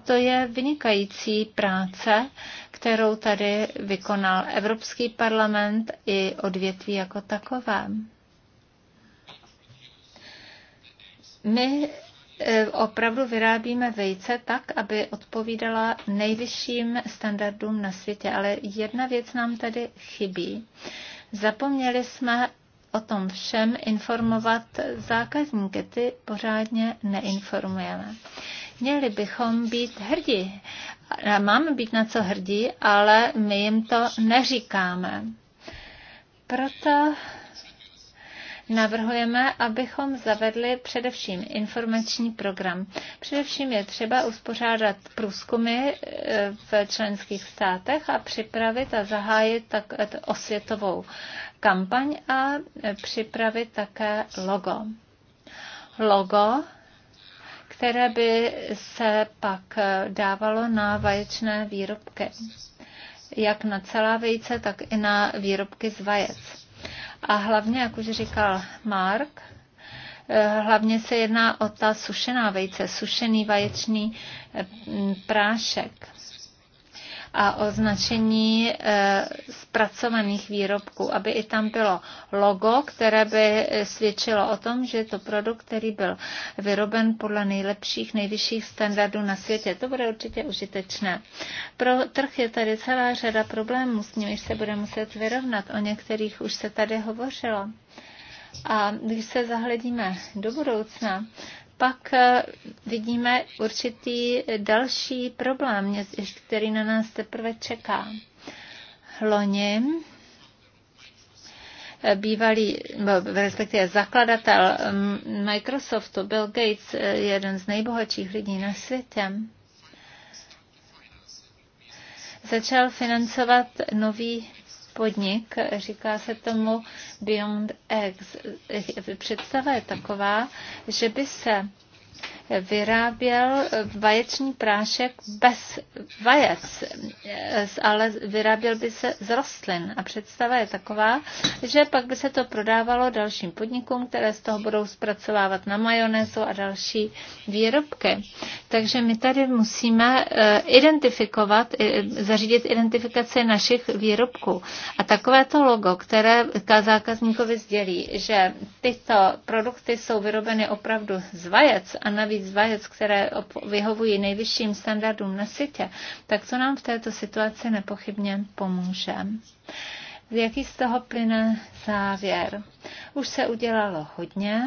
To je vynikající práce, kterou tady vykonal Evropský parlament i odvětví jako takové. My e, opravdu vyrábíme vejce tak, aby odpovídala nejvyšším standardům na světě. Ale jedna věc nám tady chybí. Zapomněli jsme o tom všem informovat zákazníky, ty pořádně neinformujeme. Měli bychom být hrdí Máme být na co hrdí, ale my jim to neříkáme. Proto navrhujeme, abychom zavedli především informační program. Především je třeba uspořádat průzkumy e, v členských státech a připravit a zahájit tak e, osvětovou kampaň a e, připravit také logo. Logo které by se pak dávalo na vaječné výrobky, jak na celá vejce, tak i na výrobky z vajec. A hlavně, jak už říkal Mark, eh, hlavně se jedná o ta sušená vejce, sušený vaječný eh, prášek a označení eh, zpracovaných výrobků, aby i tam bylo logo, které by eh, svědčilo o tom, že je to produkt, který byl vyroben podle nejlepších, nejvyšších standardů na světě. To bude určitě užitečné. Pro trh je tady celá řada problémů, s nimiž se bude muset vyrovnat. O některých už se tady hovořilo. A když se zahledíme do budoucna, pak eh, vidíme určitý další problém, který na nás teprve čeká. Loni eh, bývalý, no, respektive zakladatel mm, Microsoftu, Bill Gates, eh, jeden z nejbohatších lidí na světě, začal financovat nový podnik, říká se tomu Beyond Eggs. Představa je taková, že by se vyráběl vaječný prášek bez vajec, eh, ale vyráběl by se z rostlin. A představa je taková, že pak by se to prodávalo dalším podnikům, které z toho budou zpracovávat na majonézu a další výrobky. Takže my tady musíme eh, identifikovat, eh, zařídit identifikaci našich výrobků. A takové to logo, které zákazníkovi sdělí, že tyto produkty jsou vyrobeny opravdu z vajec a a navíc vajec, které vyhovují nejvyšším standardům na světě, tak to nám v této situaci nepochybně pomůže. Jaký z toho plyne závěr? Už se udělalo hodně.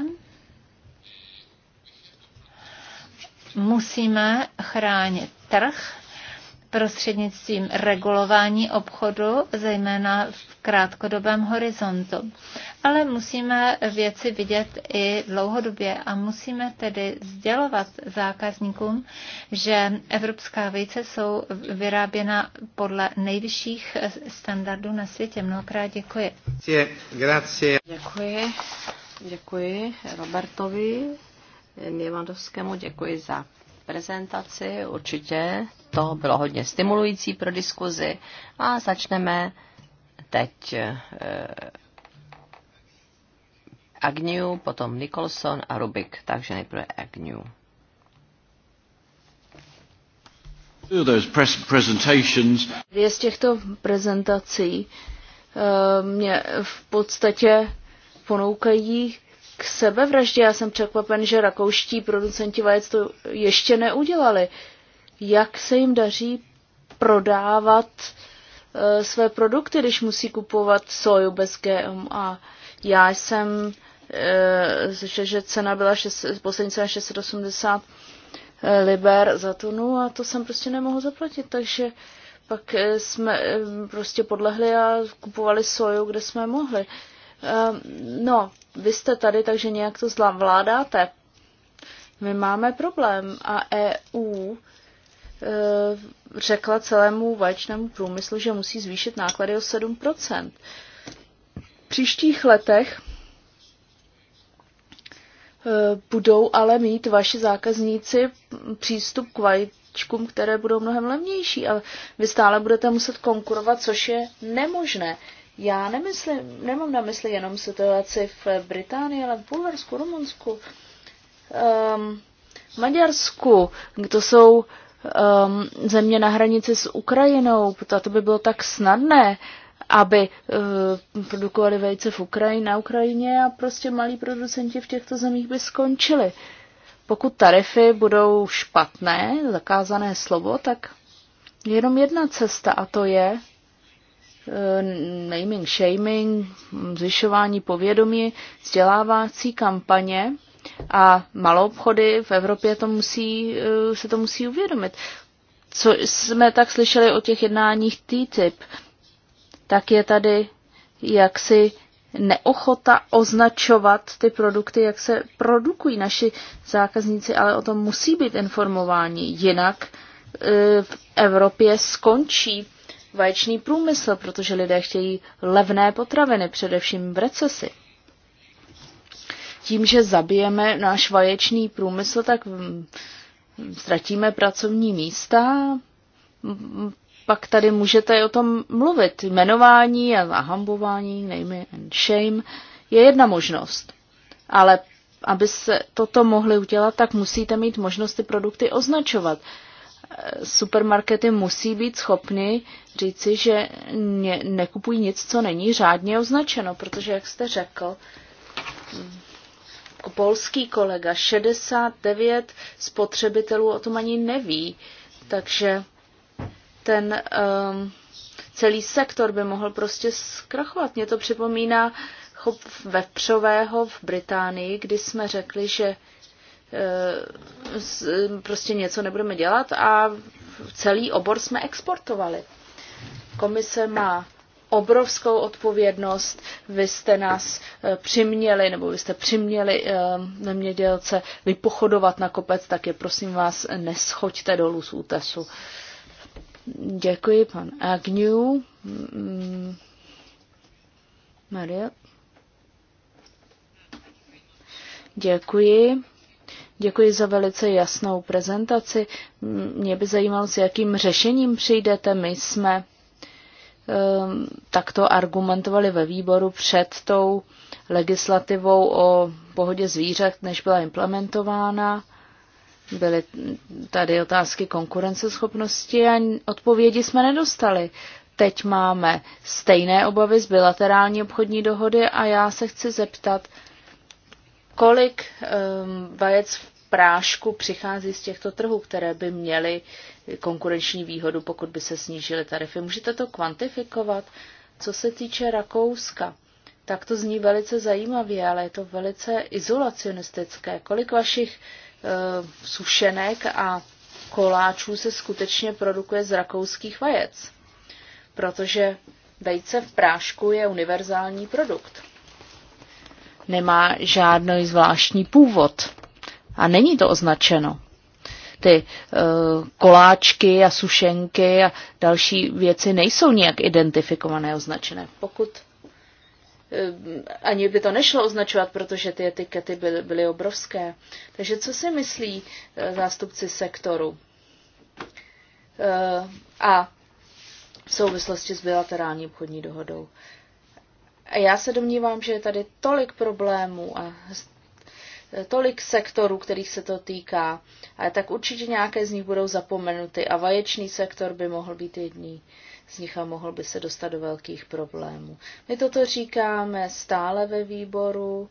Musíme chránit trh prostřednictvím regulování obchodu, zejména v krátkodobém horizontu. Ale musíme věci vidět i dlouhodobě a musíme tedy sdělovat zákazníkům, že evropská vejce jsou vyráběna podle nejvyšších standardů na světě. Mnohokrát děkuji. Děkuji. Děkuji Robertovi Něvandovskému. Děkuji za prezentaci. Určitě to bylo hodně stimulující pro diskuzi a začneme teď eh, Agnew, potom Nicholson a Rubik, takže nejprve Agnew. Dvě z těchto prezentací eh, mě v podstatě ponoukají k sebevraždě. Já jsem překvapen, že rakouští producenti vajec to ještě neudělali. Jak se jim daří prodávat e, své produkty, když musí kupovat soju bez GM? A Já jsem e, že cena byla šest, poslední cena 680 eh, liber za tunu a to jsem prostě nemohl zaplatit, takže pak jsme prostě podlehli a kupovali soju, kde jsme mohli. Ehm, no, vy jste tady, takže nějak to zvládáte. My máme problém a EU ehm, řekla celému vaječnému průmyslu, že musí zvýšit náklady o 7%. V příštích letech ehm, budou ale mít vaši zákazníci přístup k vajíčkům, které budou mnohem levnější, ale vy stále budete muset konkurovat, což je nemožné. Já nemyslím, nemám na mysli jenom situaci v Británii, ale v Bulharsku, Rumunsku, um, Maďarsku. To jsou um, země na hranici s Ukrajinou. A to by bylo tak snadné, aby uh, produkovali vejce v Ukrajině, na Ukrajině a prostě malí producenti v těchto zemích by skončili. Pokud tarify budou špatné, zakázané slovo, tak jenom jedna cesta a to je Eh, naming, shaming, zvyšování povědomí, vzdělávací kampaně a malou obchody v Evropě to musí, eh, se to musí uvědomit. Co jsme tak slyšeli o těch jednáních TTIP, tak je tady jaksi neochota označovat ty produkty, jak se produkují naši zákazníci, ale o tom musí být informováni, jinak eh, v Evropě skončí vaječný průmysl, protože lidé chtějí levné potraviny, především v recesi. Tím, že zabijeme náš vaječný průmysl, tak mm, ztratíme pracovní místa. Pak tady můžete o tom mluvit. Jmenování a zahambování, name and shame, je jedna možnost. Ale aby se toto mohli udělat, tak musíte mít možnost ty produkty označovat supermarkety musí být schopny říci, že ne, nekupují nic, co není řádně označeno, protože, jak jste řekl, jako polský kolega, 69 spotřebitelů o tom ani neví, takže ten um, celý sektor by mohl prostě zkrachovat. Mně to připomíná chop vepřového v Británii, kdy jsme řekli, že Eh, prostě něco nebudeme dělat a celý obor jsme exportovali. Komise má obrovskou odpovědnost. Vy jste nás eh, přiměli, nebo vy jste přiměli eh, zemědělce vypochodovat na kopec, tak je prosím vás, neschoďte dolů z útesu. Děkuji, pan Agnew. Mm, Maria. Děkuji. Děkuji za velice jasnou prezentaci. Mě by zajímalo, s jakým řešením přijdete. My jsme um, takto argumentovali ve výboru před tou legislativou o pohodě zvířat, než byla implementována. Byly tady otázky konkurenceschopnosti a odpovědi jsme nedostali. Teď máme stejné obavy z bilaterální obchodní dohody a já se chci zeptat, kolik um, vajec v prášku přichází z těchto trhů, které by měly konkurenční výhodu, pokud by se snížily tarify. Můžete to kvantifikovat? Co se týče Rakouska, tak to zní velice zajímavě, ale je to velice izolacionistické. Kolik vašich uh, sušenek a koláčů se skutečně produkuje z rakouských vajec? Protože vejce v prášku je univerzální produkt nemá žádný zvláštní původ a není to označeno. Ty e, koláčky a sušenky a další věci nejsou nijak identifikované, označené. Pokud eh, ani by to nešlo označovat, protože ty etikety byly, byly obrovské. Takže co si myslí eh, zástupci sektoru? A v souvislosti s bilaterální obchodní dohodou. A já se domnívám, že je tady tolik problémů a tolik sektorů, kterých se to týká, ale tak určitě nějaké z nich budou zapomenuty a vaječný sektor by mohl být jedný z nich a mohl by se dostat do velkých problémů. My toto říkáme stále ve výboru,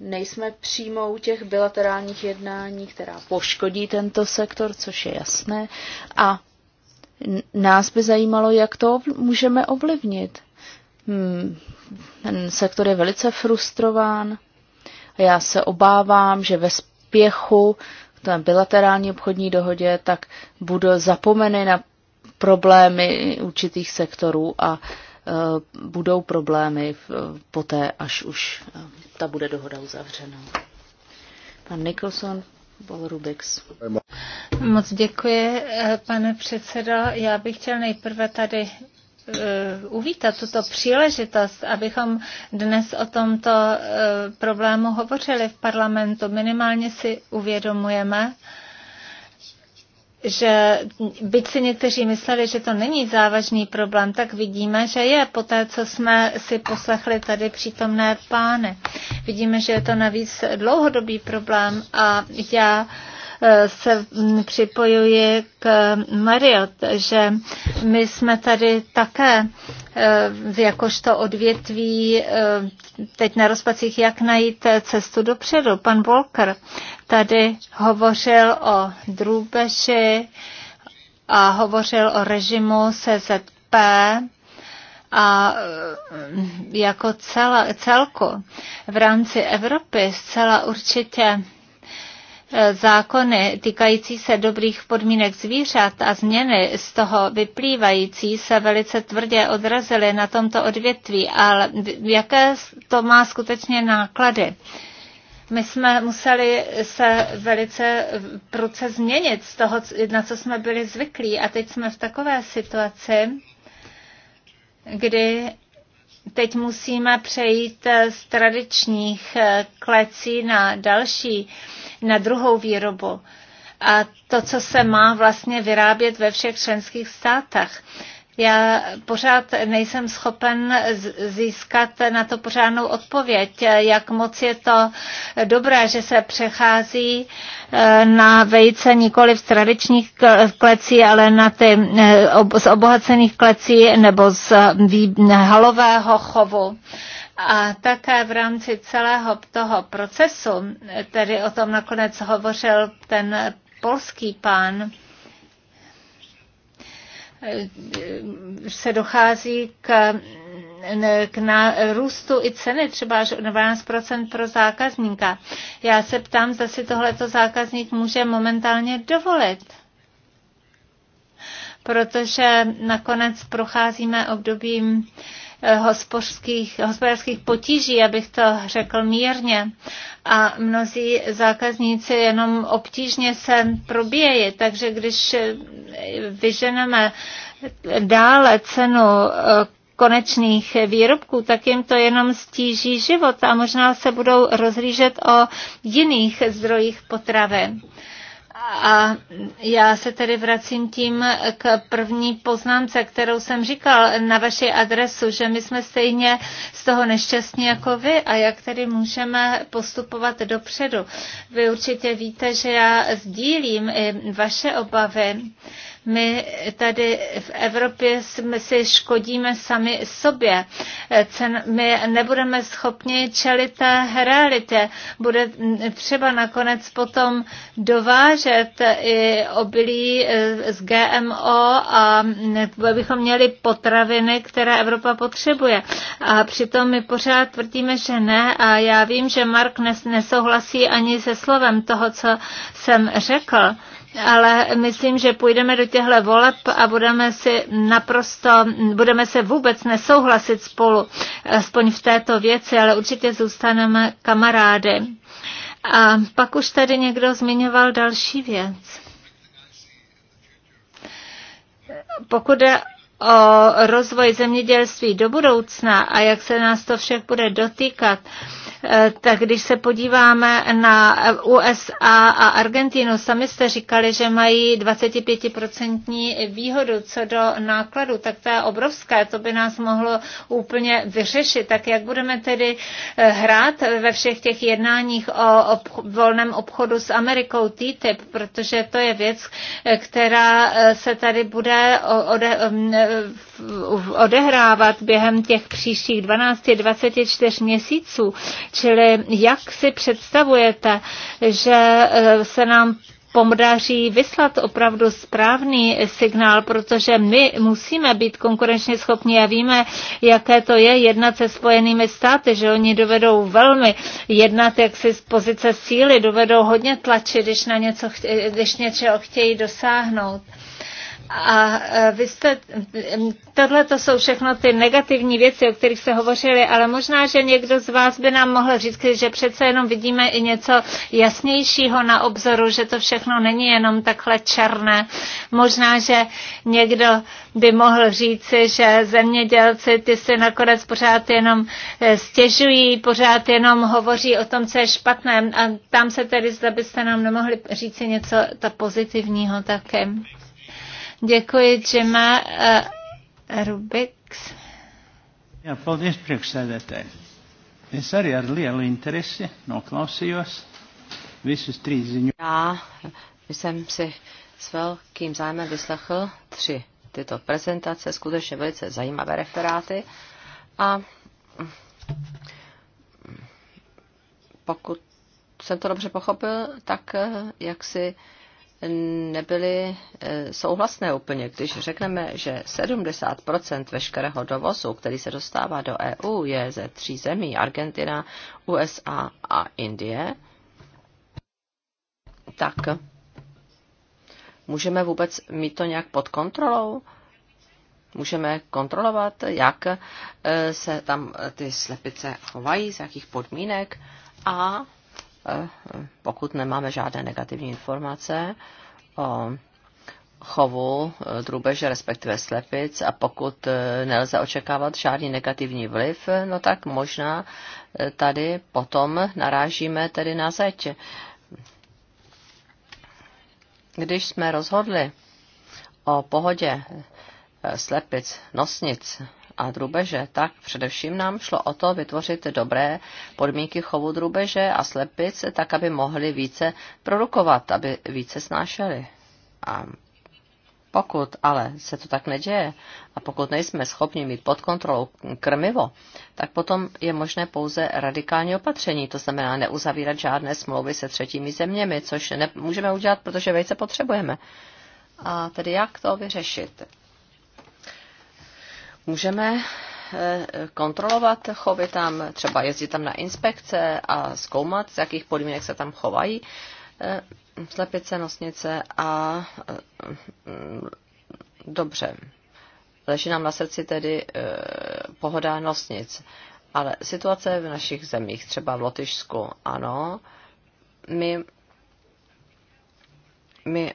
nejsme přímo u těch bilaterálních jednání, která poškodí tento sektor, což je jasné, a nás by zajímalo, jak to můžeme ovlivnit. Hmm, ten sektor je velice frustrován a já se obávám, že ve spěchu k té bilaterální obchodní dohodě tak budou zapomeny na problémy určitých sektorů a e, budou problémy poté, až už e, ta bude dohoda uzavřena. Pan Nicholson, Paul Rubiks. Moc děkuji, e, pane předsedo. Já bych chtěl nejprve tady Eh, uvítat tuto příležitost, abychom dnes o tomto eh, problému hovořili v parlamentu. Minimálně si uvědomujeme, že byť si někteří mysleli, že to není závažný problém, tak vidíme, že je po té, co jsme si poslechli tady přítomné pány. Vidíme, že je to navíc dlouhodobý problém a já uh, Eh, se připojuji k Mariot, že my jsme tady také eh, jakožto odvětví eh, teď na rozpacích, jak najít cestu dopředu. Pan Volker tady hovořil o drůbeži a hovořil o režimu CZP a jako celá, celku v rámci Evropy zcela určitě Eh, zákony týkající se dobrých podmínek zvířat a změny z toho vyplývající se velice tvrdě odrazily na tomto odvětví, ale jaké to má skutečně náklady? my jsme museli se velice proces změnit z toho, na co jsme byli zvyklí. A teď jsme v takové situaci, kdy teď musíme přejít eh, z tradičních eh, klecí na další, na druhou výrobu. A to, co se má vlastně vyrábět ve všech členských státech. Já pořád nejsem schopen získat na to pořádnou odpověď, jak moc je to dobré, že se přechází eh, na vejce nikoli v tradičních klecí, ale na ty eh, z obohacených klecí nebo z halového chovu. A také v rámci celého toho procesu, tedy o tom nakonec hovořil ten polský pán, se dochází k k nárůstu i ceny, třeba až o 12% pro zákazníka. Já se ptám, zda si tohleto zákazník může momentálně dovolit. Protože nakonec procházíme obdobím hospodářských, hospodářských potíží, abych to řekl mírně. A mnozí zákazníci jenom obtížně se probíjejí, takže když vyženeme dále cenu eh, konečných výrobků, tak jim to jenom stíží život a možná se budou rozlížet o jiných zdrojích potravy. A já se tedy vracím tím k první poznámce, kterou jsem říkal na vaši adresu, že my jsme stejně z toho nešťastní jako vy a jak tedy můžeme postupovat dopředu. Vy určitě víte, že já sdílím i vaše obavy my tady v Evropě jsme si škodíme sami sobě. Cen, my nebudeme schopni čelit té realitě. Bude třeba nakonec potom dovážet i obilí e, z GMO a bychom měli potraviny, které Evropa potřebuje. A přitom my pořád tvrdíme, že ne a já vím, že Mark nesouhlasí ani se slovem toho, co jsem řekl ale myslím, že půjdeme do těchto voleb a budeme si naprosto, budeme se vůbec nesouhlasit spolu, aspoň v této věci, ale určitě zůstaneme kamarády. A pak už tady někdo zmiňoval další věc. Pokud je o rozvoj zemědělství do budoucna a jak se nás to všech bude dotýkat, Eh, tak když se podíváme na USA a Argentinu, sami jste říkali, že mají 25% výhodu co do nákladu, tak to je obrovské, to by nás mohlo úplně vyřešit. Tak jak budeme tedy eh, hrát ve všech těch jednáních o ob- volném obchodu s Amerikou TTIP, protože to je věc, eh, která se tady bude ode- mm, odehrávat během těch příštích 12-24 měsíců. Čili jak si představujete, že eh, se nám pomdaří vyslat opravdu správný signál, protože my musíme být konkurenčně schopni a víme, jaké to je jednat se spojenými státy, že oni dovedou velmi jednat jak si z pozice síly, dovedou hodně tlačit, když na něco, když něčeho chtějí dosáhnout. A e, vy jste, tohle to jsou všechno ty negativní věci, o kterých se hovořili, ale možná, že někdo z vás by nám mohl říct, že přece jenom vidíme i něco jasnějšího na obzoru, že to všechno není jenom takhle černé. Možná, že někdo by mohl říci, že zemědělci ty si nakonec pořád jenom e, stěžují, pořád jenom hovoří o tom, co je špatné. A tam se tedy, zda byste nám nemohli říci něco ta pozitivního také. Děkuji, Jima. Eh, Rubiks. Jā, paldies priekšsēdētāji. Es arī ar lielu interesi noklausījos visus trīs ziņu. Já jsem si s velkým zájmem vyslechl tři tyto prezentace, skutečně velice zajímavé referáty. A pokud jsem to dobře pochopil, tak eh, jak si nebyly eh, souhlasné úplně. Když řekneme, že 70 veškerého dovozu, který se dostává do EU, je ze tří zemí Argentina, USA a Indie, tak můžeme vůbec mít to nějak pod kontrolou? Můžeme kontrolovat, jak eh, se tam ty slepice chovají, z jakých podmínek a pokud nemáme žádné negativní informace o chovu eh, drůbeže, respektive slepic a pokud eh, nelze očekávat žádný negativní vliv, no tak možná eh, tady potom narážíme tedy na zeď. Když jsme rozhodli o pohodě slepic, nosnic a drubeže, tak především nám šlo o to vytvořit dobré podmínky chovu drubeže a slepic, tak aby mohli více produkovat, aby více snášeli. A pokud ale se to tak neděje a pokud nejsme schopni mít pod kontrolou krmivo, tak potom je možné pouze radikální opatření, to znamená neuzavírat žádné smlouvy se třetími zeměmi, což nemůžeme udělat, protože vejce potřebujeme. A tedy jak to vyřešit? můžeme eh, kontrolovat chovy tam, třeba jezdit tam na inspekce a zkoumat, z jakých podmínek se tam chovají eh, slepice, nosnice a eh, dobře. Leží nám na srdci tedy pohoda nosnic. Ale situace v našich zemích, třeba v Lotyšsku, ano, my, my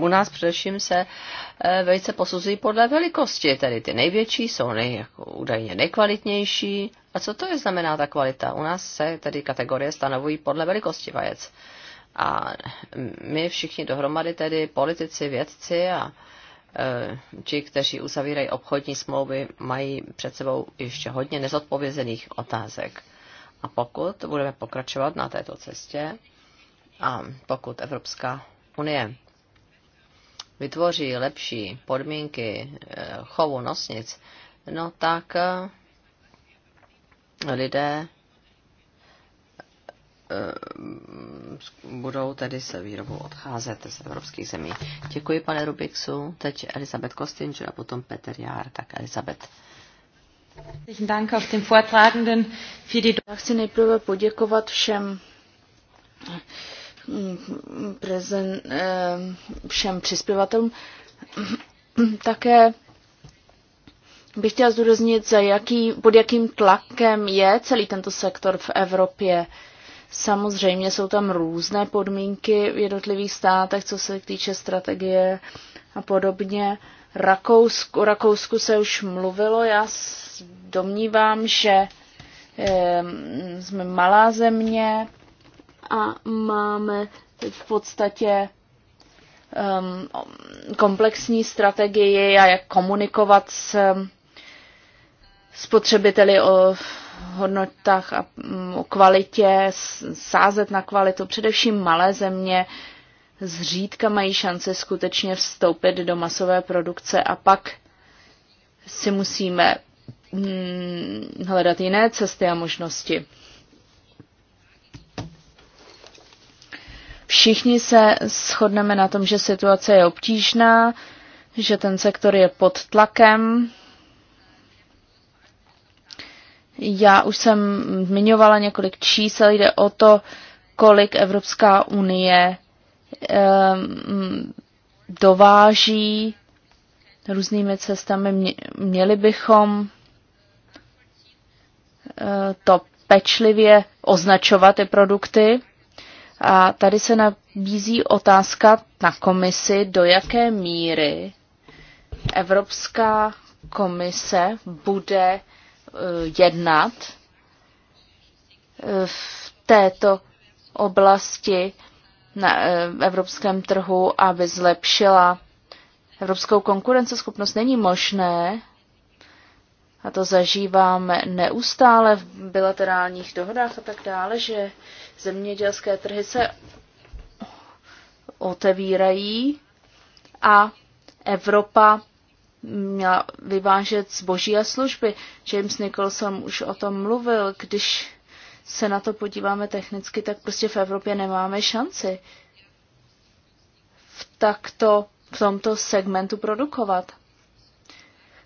u nás především se e, vejce posuzují podle velikosti, tedy ty největší jsou nej, jako údajně nejkvalitnější. A co to je znamená ta kvalita? U nás se tedy kategorie stanovují podle velikosti vajec. A my všichni dohromady, tedy politici, vědci a e, ti, kteří uzavírají obchodní smlouvy, mají před sebou ještě hodně nezodpovězených otázek. A pokud budeme pokračovat na této cestě, a pokud Evropská unie vytvoří lepší podmínky eh, chovu nosnic, no tak eh, lidé eh, budou tedy se výrobou odcházet z evropských zemí. Děkuji, pane Rubiksu. Teď Elizabeth Kostinč a potom Petr Jár. Tak Elizabeth. Já chci nejprve poděkovat všem prezen, eh, všem přispěvatelům. Také bych chtěla zdůraznit, za jaký, pod jakým tlakem je celý tento sektor v Evropě. Samozřejmě jsou tam různé podmínky v jednotlivých státech, co se týče strategie a podobně. Rakousku, o Rakousku se už mluvilo, já domnívám, že e, jsme malá země, a máme v podstatě um, komplexní strategii a jak komunikovat s um, spotřebiteli o hodnotách a mm, o kvalitě, sázet na kvalitu. Především malé země zřídka mají šance skutečně vstoupit do masové produkce a pak si musíme mm, hledat jiné cesty a možnosti. Všichni se shodneme na tom, že situace je obtížná, že ten sektor je pod tlakem. Já už jsem zmiňovala několik čísel, jde o to, kolik Evropská unie eh, dováží různými cestami. Měli bychom eh, to pečlivě označovat ty produkty. A tady se nabízí otázka na komisi, do jaké míry Evropská komise bude e, jednat e, v této oblasti na e, evropském trhu, aby zlepšila evropskou konkurenceschopnost. Není možné, a to zažíváme neustále v bilaterálních dohodách a tak dále, že Zemědělské trhy se otevírají a Evropa měla vyvážet zboží a služby. James Nicholson už o tom mluvil, když se na to podíváme technicky, tak prostě v Evropě nemáme šanci v takto v tomto segmentu produkovat.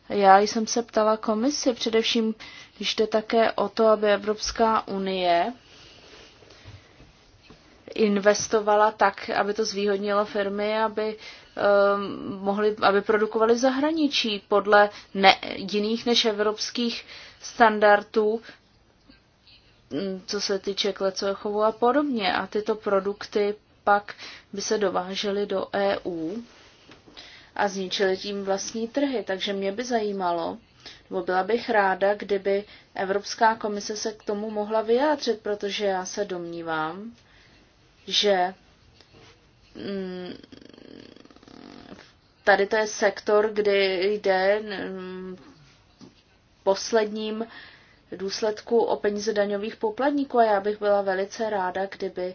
Já jsem se ptala komisi, především když jde také o to, aby Evropská unie investovala tak, aby to zvýhodnilo firmy, aby um, mohli, aby produkovali v zahraničí podle ne, jiných než evropských standardů, mm, co se týče klecového chovu a podobně. A tyto produkty pak by se dovážely do EU a zničily tím vlastní trhy. Takže mě by zajímalo, nebo byla bych ráda, kdyby Evropská komise se k tomu mohla vyjádřit, protože já se domnívám, že mm, tady to je sektor, kdy jde mm, posledním důsledku o peníze daňových poplatníků a já bych byla velice ráda, kdyby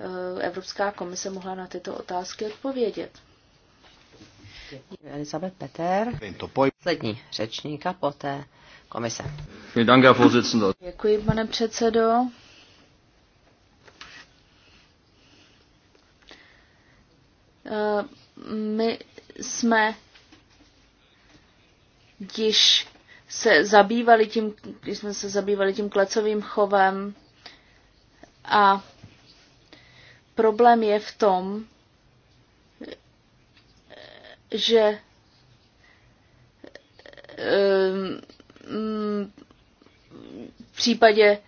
eh, Evropská komise mohla na tyto otázky odpovědět. Elizabeth Peter, poslední řečníka, poté komise. Děkuji, pane předsedo. Eh, my jsme když se zabývali tím, když jsme se zabývali tím klecovým chovem a problém je v tom, že eh, mm, v případě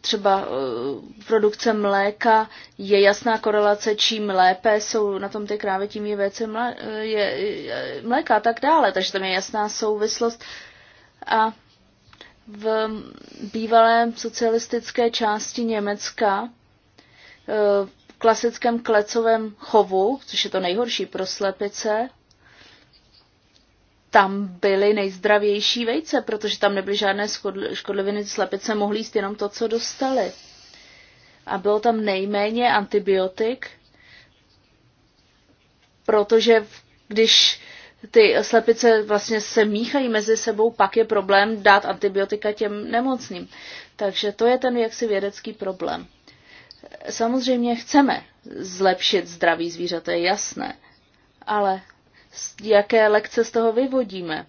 třeba eh, produkce mléka je jasná korelace, čím lépe jsou na tom ty krávy, tím je více eh, eh, mléka a tak dále. Takže tam je jasná souvislost. A v bývalé socialistické části Německa v klasickém klecovém chovu, což je to nejhorší pro slepice, tam byly nejzdravější vejce, protože tam nebyly žádné škodliviny, slepice mohly jíst jenom to, co dostali. A bylo tam nejméně antibiotik, protože když ty slepice vlastně se míchají mezi sebou, pak je problém dát antibiotika těm nemocným. Takže to je ten jaksi vědecký problém. Samozřejmě chceme zlepšit zdraví zvířat, to je jasné, ale jaké lekce z toho vyvodíme.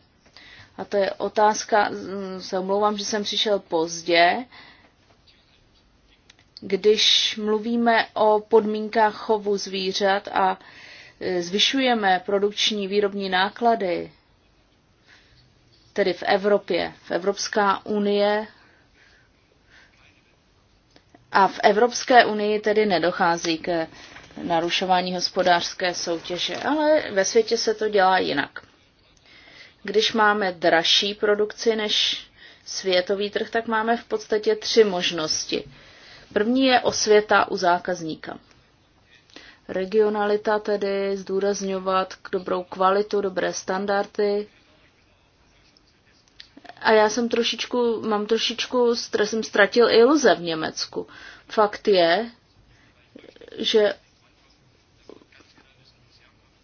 A to je otázka, mm, se omlouvám, že jsem přišel pozdě, když mluvíme o podmínkách chovu zvířat a e, zvyšujeme produkční výrobní náklady, tedy v Evropě, v Evropská unie a v Evropské unii tedy nedochází ke narušování hospodářské soutěže, ale ve světě se to dělá jinak. Když máme dražší produkci než světový trh, tak máme v podstatě tři možnosti. První je osvěta u zákazníka. Regionalita tedy zdůrazňovat k dobrou kvalitu, dobré standardy. A já jsem trošičku, mám trošičku, jsem ztratil iluze v Německu. Fakt je, že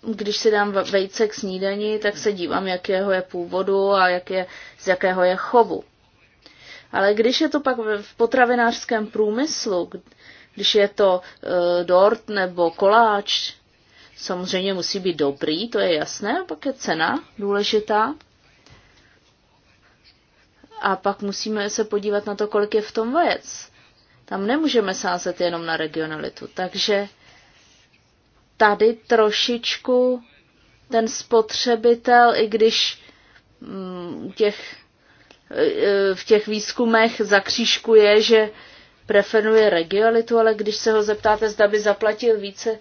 když si dám vejce k snídani, tak se dívám, jakého je původu a jak je, z jakého je chovu. Ale když je to pak v potravinářském průmyslu, když je to e, dort nebo koláč, samozřejmě musí být dobrý, to je jasné, a pak je cena důležitá. A pak musíme se podívat na to, kolik je v tom vajec. Tam nemůžeme sázet jenom na regionalitu. Takže tady trošičku ten spotřebitel, i když mm, těch, e, e, v těch výzkumech zakřížkuje, že preferuje regionalitu, ale když se ho zeptáte, zda by zaplatil více,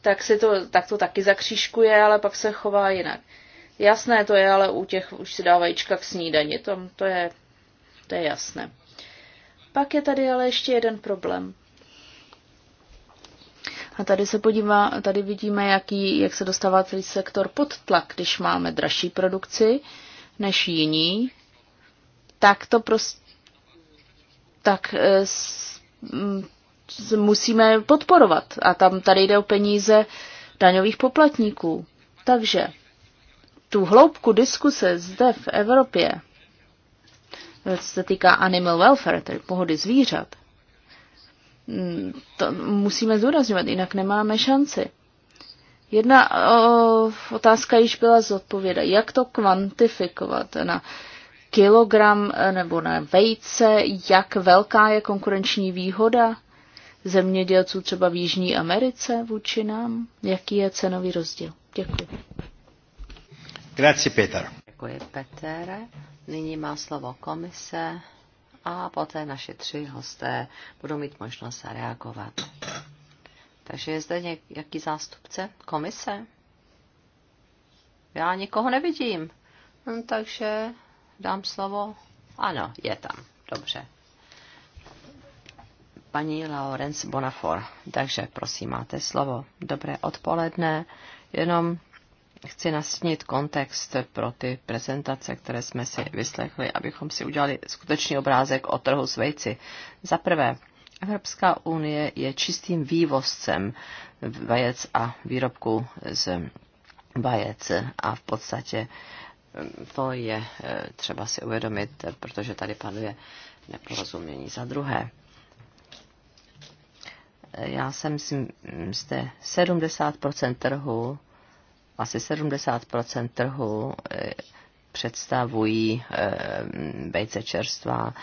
tak, si to, tak to taky zakřížkuje, ale pak se chová jinak. Jasné to je, ale u těch už si dá vajíčka k snídani, to, to, je, to je jasné. Pak je tady ale ještě jeden problém. A tady se podívá, tady vidíme, jaký, jak se dostává celý sektor pod tlak, když máme dražší produkci než jiní, tak to prostě tak eh, s, m, musíme podporovat. A tam tady jde o peníze daňových poplatníků. Takže tu hloubku diskuse zde v Evropě, co se týká animal welfare, tedy pohody zvířat, to musíme zdůrazňovat, jinak nemáme šanci. Jedna o, otázka již byla zodpověda. Jak to kvantifikovat na kilogram eh, nebo na vejce? Jak velká je konkurenční výhoda zemědělců třeba v Jižní Americe vůči nám? Jaký je cenový rozdíl? Děkuji. Grazie, Peter. Děkuji, Petr. Nyní má slovo komise a poté naše tři hosté budou mít možnost zareagovat. Takže je zde nějaký zástupce komise? Já nikoho nevidím, no, takže dám slovo. Ano, je tam, dobře. Paní Laurence Bonafor, takže prosím, máte slovo. Dobré odpoledne, jenom chci nasnit kontext pro ty prezentace, které jsme si vyslechli, abychom si udělali skutečný obrázek o trhu s vejci. Za prvé, Evropská unie je čistým vývozcem vajec a výrobků z vajec a v podstatě eh, to je eh, třeba si uvědomit, protože tady panuje neporozumění. Za druhé, eh, já jsem zde 70% trhu asi 70 trhu eh, představují eh, vejce čerstva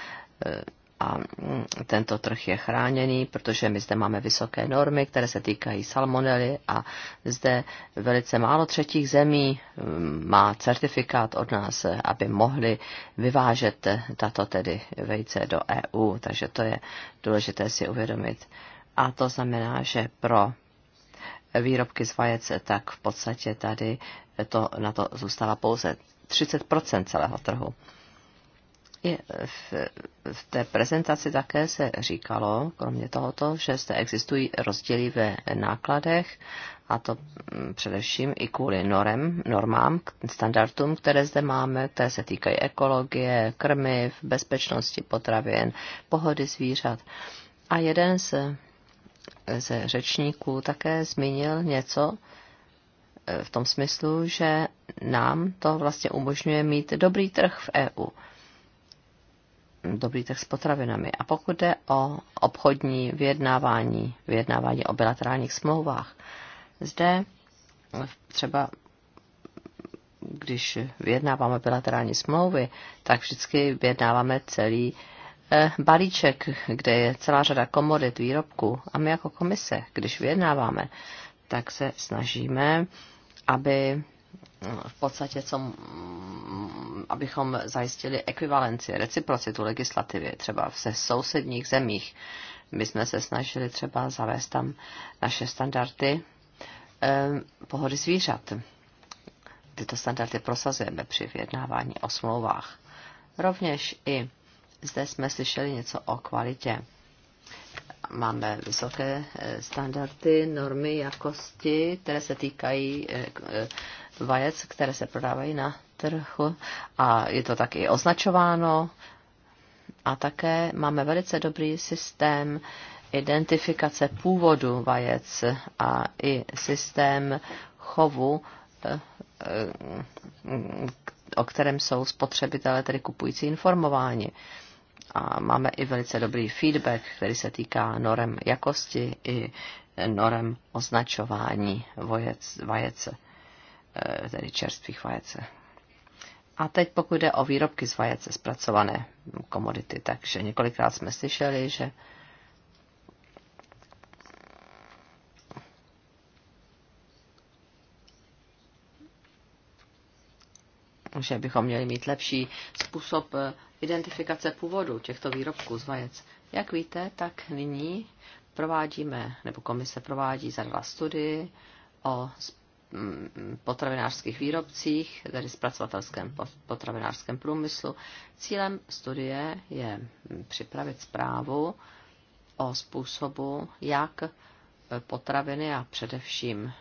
eh, a mm, tento trh je chráněný, protože my zde máme vysoké normy, které se týkají salmonely a zde velice málo třetích zemí mm, má certifikát od nás, aby mohli vyvážet tato tedy vejce do EU, takže to je důležité si uvědomit. A to znamená, že pro výrobky z vajec, tak v podstatě tady to, na to zůstala pouze 30 celého trhu. Je, v, v té prezentaci také se říkalo, kromě tohoto, že zde existují rozdíly ve nákladech, a to mm, především i kvůli norem, normám, standardům, které zde máme, které se týkají ekologie, krmiv, bezpečnosti potravin, pohody zvířat. A jeden z ze řečníků také zmínil něco e, v tom smyslu, že nám to vlastně umožňuje mít dobrý trh v EU. Dobrý trh s potravinami. A pokud jde o obchodní vyjednávání, vyjednávání o bilaterálních smlouvách, zde třeba když vyjednáváme bilaterální smlouvy, tak vždycky vyjednáváme celý Eh, balíček, kde je celá řada komodit, výrobků. A my jako komise, když vyjednáváme, tak se snažíme, aby eh, v podstatě, co, abychom zajistili ekvivalenci, reciprocitu legislativy, třeba v se sousedních zemích. My jsme se snažili třeba zavést tam naše standardy eh, pohody zvířat. Tyto standardy prosazujeme při vyjednávání o smlouvách. Rovněž i zde jsme slyšeli něco o kvalitě. Máme vysoké eh, standardy, normy jakosti, které se týkají eh, vajec, které se prodávají na trhu a je to taky označováno. A také máme velice dobrý systém identifikace původu vajec a i systém chovu, eh, o kterém jsou spotřebitelé, tedy kupující, informováni a máme i velice dobrý feedback, který se týká norem jakosti i norem označování vojec, vajece, eh, tedy čerstvých vajece. A teď pokud jde o výrobky z vajece, zpracované komodity, takže několikrát jsme slyšeli, že že bychom měli mít lepší způsob eh, identifikace původu těchto výrobků z vajec. Jak víte, tak nyní provádíme, nebo komise provádí za dva studii o mm, potravinářských výrobcích, tedy zpracovatelském potravinářském průmyslu. Cílem studie je mm, připravit zprávu o způsobu, jak eh, potraviny a především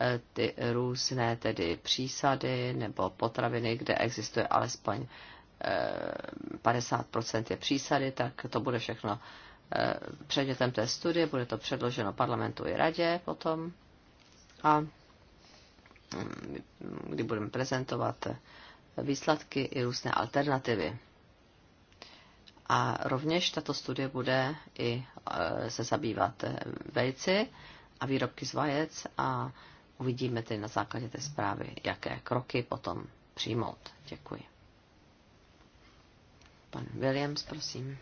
Eh, ty různé tedy přísady nebo potraviny, kde existuje alespoň 50% eh, je přísady, tak to bude všechno eh, předmětem té studie, bude to předloženo parlamentu i radě potom a mm, kdy budeme prezentovat výsledky i různé alternativy. A rovněž tato studie bude i se zabývat vejci a výrobky z vajec a uvidíme tedy na základě té zprávy, jaké kroky potom přijmout. Děkuji. Pan Williams, prosím.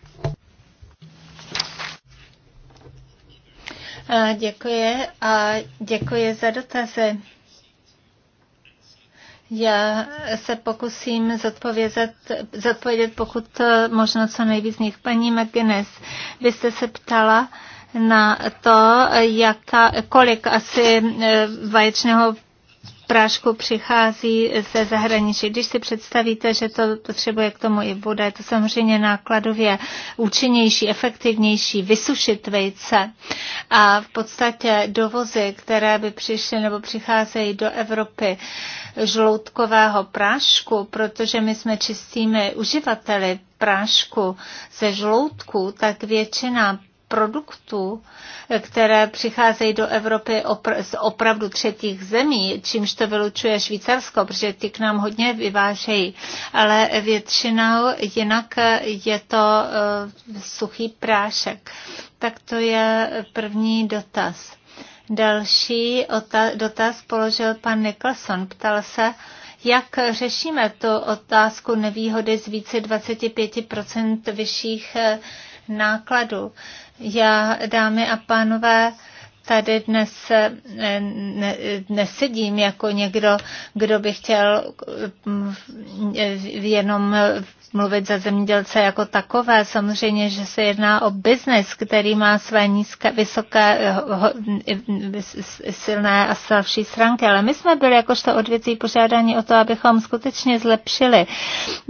A děkuji a děkuji za dotazy. Já se pokusím zodpovědět, zodpovědět pokud možno co nejvíc z nich. Paní McGuinness, vy jste se ptala, na to, jaka, kolik asi e, vaječného prášku přichází ze zahraničí. Když si představíte, že to potřebuje k tomu i bude, je to samozřejmě nákladově účinnější, efektivnější, vysušit vejce. A v podstatě dovozy, které by přišly nebo přicházejí do Evropy žloutkového prášku, protože my jsme čistými uživateli prášku ze žloutku, tak většina produktů, které přicházejí do Evropy opr- z opravdu třetích zemí, čímž to vylučuje Švýcarsko, protože ty k nám hodně vyvážejí, ale většinou jinak je to eh, suchý prášek. Tak to je první dotaz. Další dotaz položil pan Nicholson. Ptal se, jak řešíme tu otázku nevýhody z více 25 vyšších eh, nákladů. Já, dámy a pánové, tady dnes eh, nesedím jako někdo, kdo by chtěl mm, jenom mluvit za zemědělce jako takové. Samozřejmě, že se jedná o biznes, který má své nízké, vysoké, eh, eh, silné a slabší stránky, ale my jsme byli jakožto odvěcí požádání o to, abychom skutečně zlepšili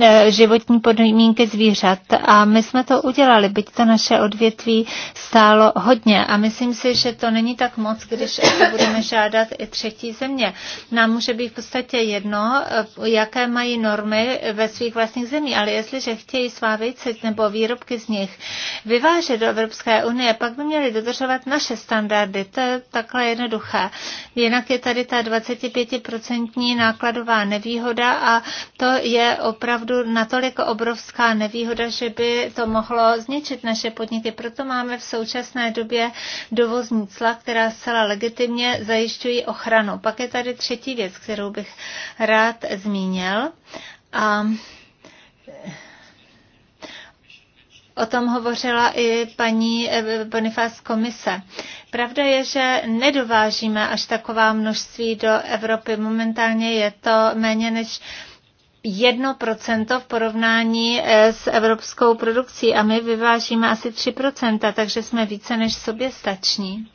eh, životní podmínky zvířat a my jsme to udělali, byť to naše odvětví stálo hodně a myslím si, že to není tak moc, když to budeme žádat i třetí země. Nám může být v podstatě jedno, jaké mají normy ve svých vlastních zemích, ale jestliže chtějí svá vejce nebo výrobky z nich vyvážet do Evropské unie, pak by měli dodržovat naše standardy. To je takhle jednoduché. Jinak je tady ta 25% nákladová nevýhoda a to je opravdu natolik obrovská nevýhoda, že by to mohlo zničit naše podniky. Proto máme v současné době dovozní cla, která zcela legitimně zajišťují ochranu. Pak je tady třetí věc, kterou bych rád zmínil. A O tom hovořila i paní eh, Bonifaz komise. Pravda je, že nedovážíme až taková množství do Evropy. Momentálně je to méně než 1% v porovnání eh, s evropskou produkcí a my vyvážíme asi 3%, takže jsme více než soběstační.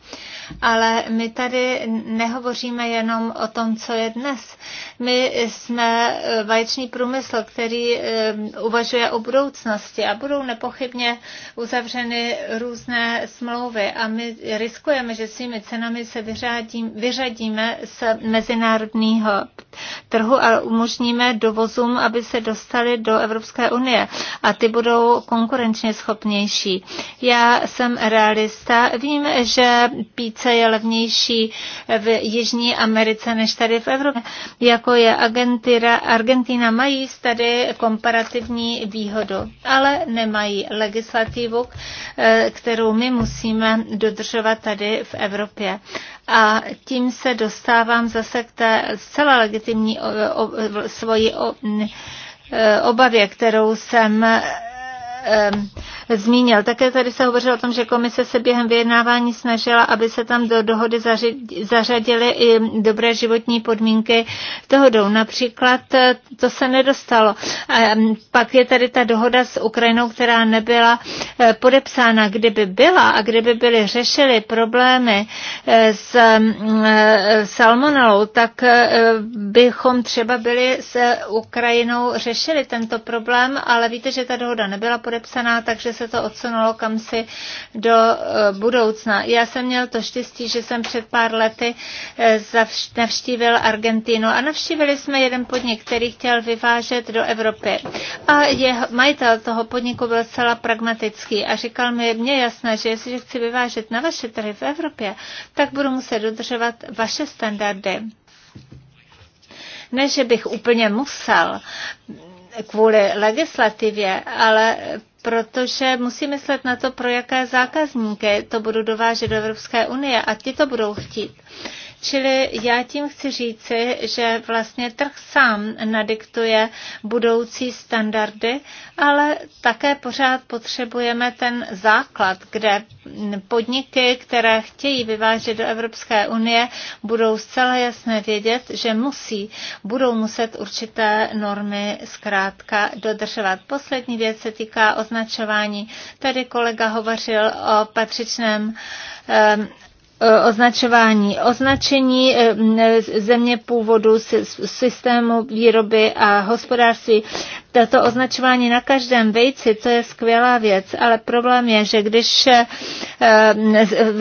Ale my tady nehovoříme jenom o tom, co je dnes. My jsme eh, vaječný průmysl, který eh, uvažuje o budoucnosti a budou nepochybně uzavřeny různé smlouvy a my riskujeme, že svými cenami se vyřádím, vyřadíme z mezinárodního trhu a umožníme dovozům, aby se dostali do Evropské unie a ty budou konkurenčně schopnější. Já jsem realista, vím, že píce je levnější v Jižní Americe než tady v Evropě. Jako je Argentina, Argentina mají tady komparativní výhodu, ale nemají legislativu, eh, kterou my musíme dodržovat tady v Evropě. A tím se dostávám zase k té zcela legitimní o, o, svoji o, eh, obavě, kterou jsem zmínil. Také tady se hovořilo o tom, že komise se během vyjednávání snažila, aby se tam do dohody zařadily i dobré životní podmínky dohodou. Například eh, to se nedostalo. Pak je tady ta dohoda s Ukrajinou, která nebyla eh, podepsána. Kdyby byla a kdyby byly řešily problémy eh, s mm, salmonelou, tak bychom třeba byli s Ukrajinou řešili tento problém, ale víte, že ta dohoda nebyla podepsána podepsaná, takže se to odsunulo kamsi do eh, budoucna. Já jsem měl to štěstí, že jsem před pár lety eh, navštívil Argentínu a navštívili jsme jeden podnik, který chtěl vyvážet do Evropy. A je, majitel toho podniku byl zcela pragmatický a říkal mi, mně jasné, že jestli chci vyvážet na vaše trhy v Evropě, tak budu muset dodržovat vaše standardy ne, že bych úplně musel, kvůli legislativě, ale protože musí myslet na to, pro jaké zákazníky to budu dovážet do Evropské unie a ti to budou chtít. Čili já tím chci říci, že vlastně trh sám nadiktuje budoucí standardy, ale také pořád potřebujeme ten základ, kde podniky, které chtějí vyvážet do Evropské unie, budou zcela jasné vědět, že musí, budou muset určité normy zkrátka dodržovat. Poslední věc se týká označování. Tady kolega hovořil o patřičném Eh, označování, označení eh, země původu, systému výroby a hospodářství to označování na každém vejci, co je skvělá věc, ale problém je, že když eh,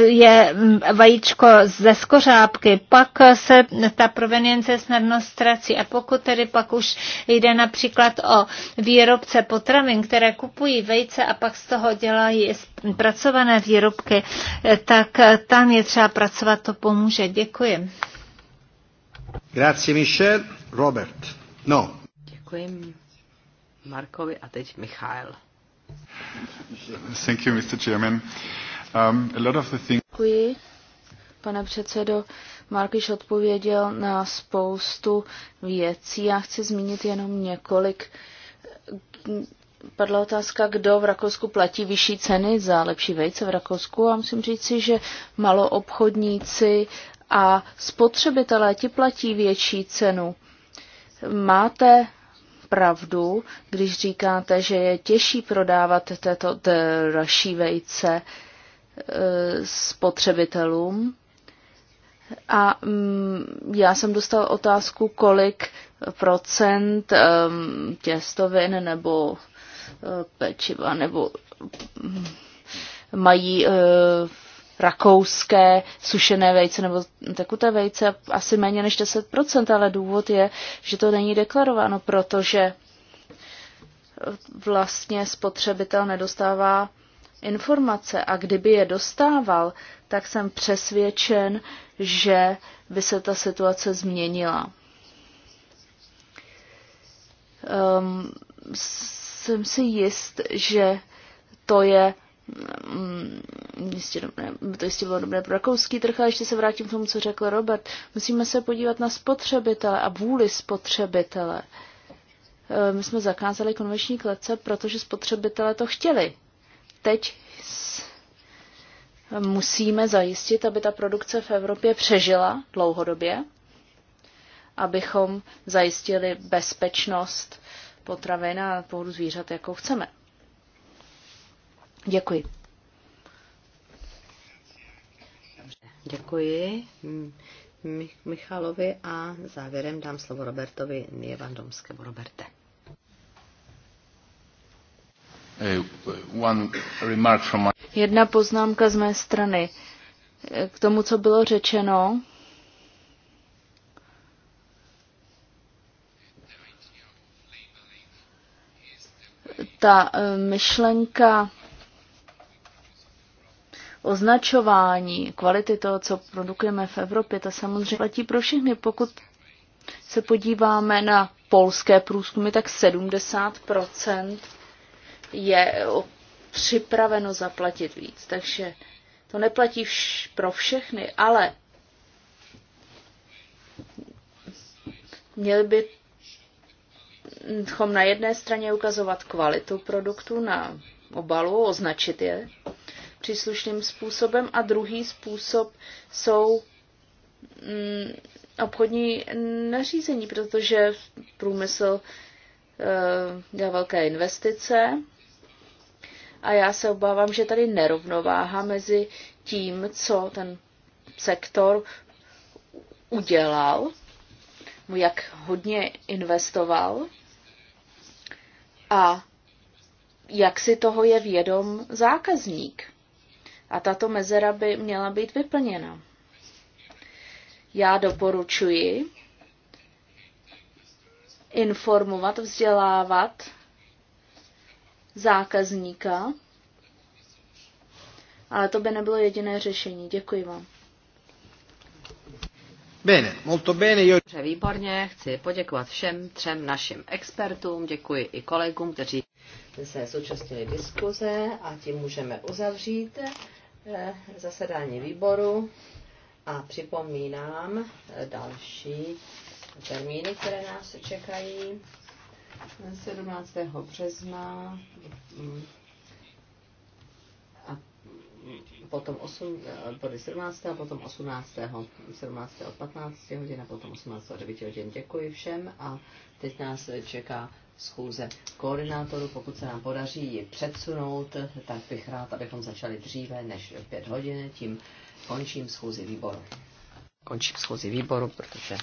je vajíčko ze skořápky, pak se ta provenience snadno ztrací. A pokud tedy pak už jde například o výrobce potravin, které kupují vejce a pak z toho dělají pracované výrobky, eh, tak eh, tam je třeba pracovat, to pomůže. Děkuji. Grazie Michel. Robert. No. Děkuji. Markovi a teď Michal. Thank you, Mr. Chairman. Um, a lot of the things... Děkuji, pane předsedo. Mark již odpověděl na spoustu věcí. Já chci zmínit jenom několik. Padla otázka, kdo v Rakousku platí vyšší ceny za lepší vejce v Rakousku. A musím říct si, že maloobchodníci a spotřebitelé ti platí větší cenu. Máte pravdu, když říkáte, že je těžší prodávat této dražší vejce e, spotřebitelům. A mm, já jsem dostal otázku, kolik procent e, těstovin nebo e, pečiva nebo mm, mají rakouské sušené vejce nebo tekuté vejce asi méně než 10%, ale důvod je, že to není deklarováno, protože vlastně spotřebitel nedostává informace a kdyby je dostával, tak jsem přesvědčen, že by se ta situace změnila. Um, jsem si jist, že to je Mm, jistě, dobré, to jistě bylo dobré pro rakouský trh, ale ještě se vrátím k tomu, co řekl Robert. Musíme se podívat na spotřebitele a vůli spotřebitele. E, my jsme zakázali konvenční klece, protože spotřebitele to chtěli. Teď musíme zajistit, aby ta produkce v Evropě přežila dlouhodobě, abychom zajistili bezpečnost potravin a pohodu zvířat, jakou chceme. Děkuji. Děkuji Michalovi a závěrem dám slovo Robertovi Nievandomskému. Roberte. Eh, Jedna poznámka z mé strany eh, k tomu, co bylo řečeno. Ta eh, myšlenka označování kvality toho, co produkujeme v Evropě, to samozřejmě platí pro všechny. Pokud se podíváme na polské průzkumy, tak 70% je připraveno zaplatit víc. Takže to neplatí vš- pro všechny, ale měli by bychom na jedné straně ukazovat kvalitu produktu na obalu, označit je, příslušným způsobem a druhý způsob jsou mm, obchodní nařízení, protože průmysl eh, dělá velké investice a já se obávám, že tady nerovnováha mezi tím, co ten sektor udělal, jak hodně investoval a jak si toho je vědom zákazník. A tato mezera by měla být vyplněna. Já doporučuji informovat, vzdělávat zákazníka, ale to by nebylo jediné řešení. Děkuji vám. Bene, molto bene. Io... Dobře, výborně, chci poděkovat všem třem našim expertům, děkuji i kolegům, kteří se zúčastnili diskuze a tím můžeme uzavřít. Eh, zasedání výboru a připomínám eh, další termíny, které nás čekají. 17. března mm, a potom 8, 17. a potom 18. 17. od 15 hodin a potom 18. od 9 hodin. Děkuji všem a teď nás čeká schůze koordinátorů. Pokud se nám podaří ji předsunout, tak bych rád, abychom začali dříve než v pět hodin. Tím končím schůzi výboru. Končím schůzi výboru, protože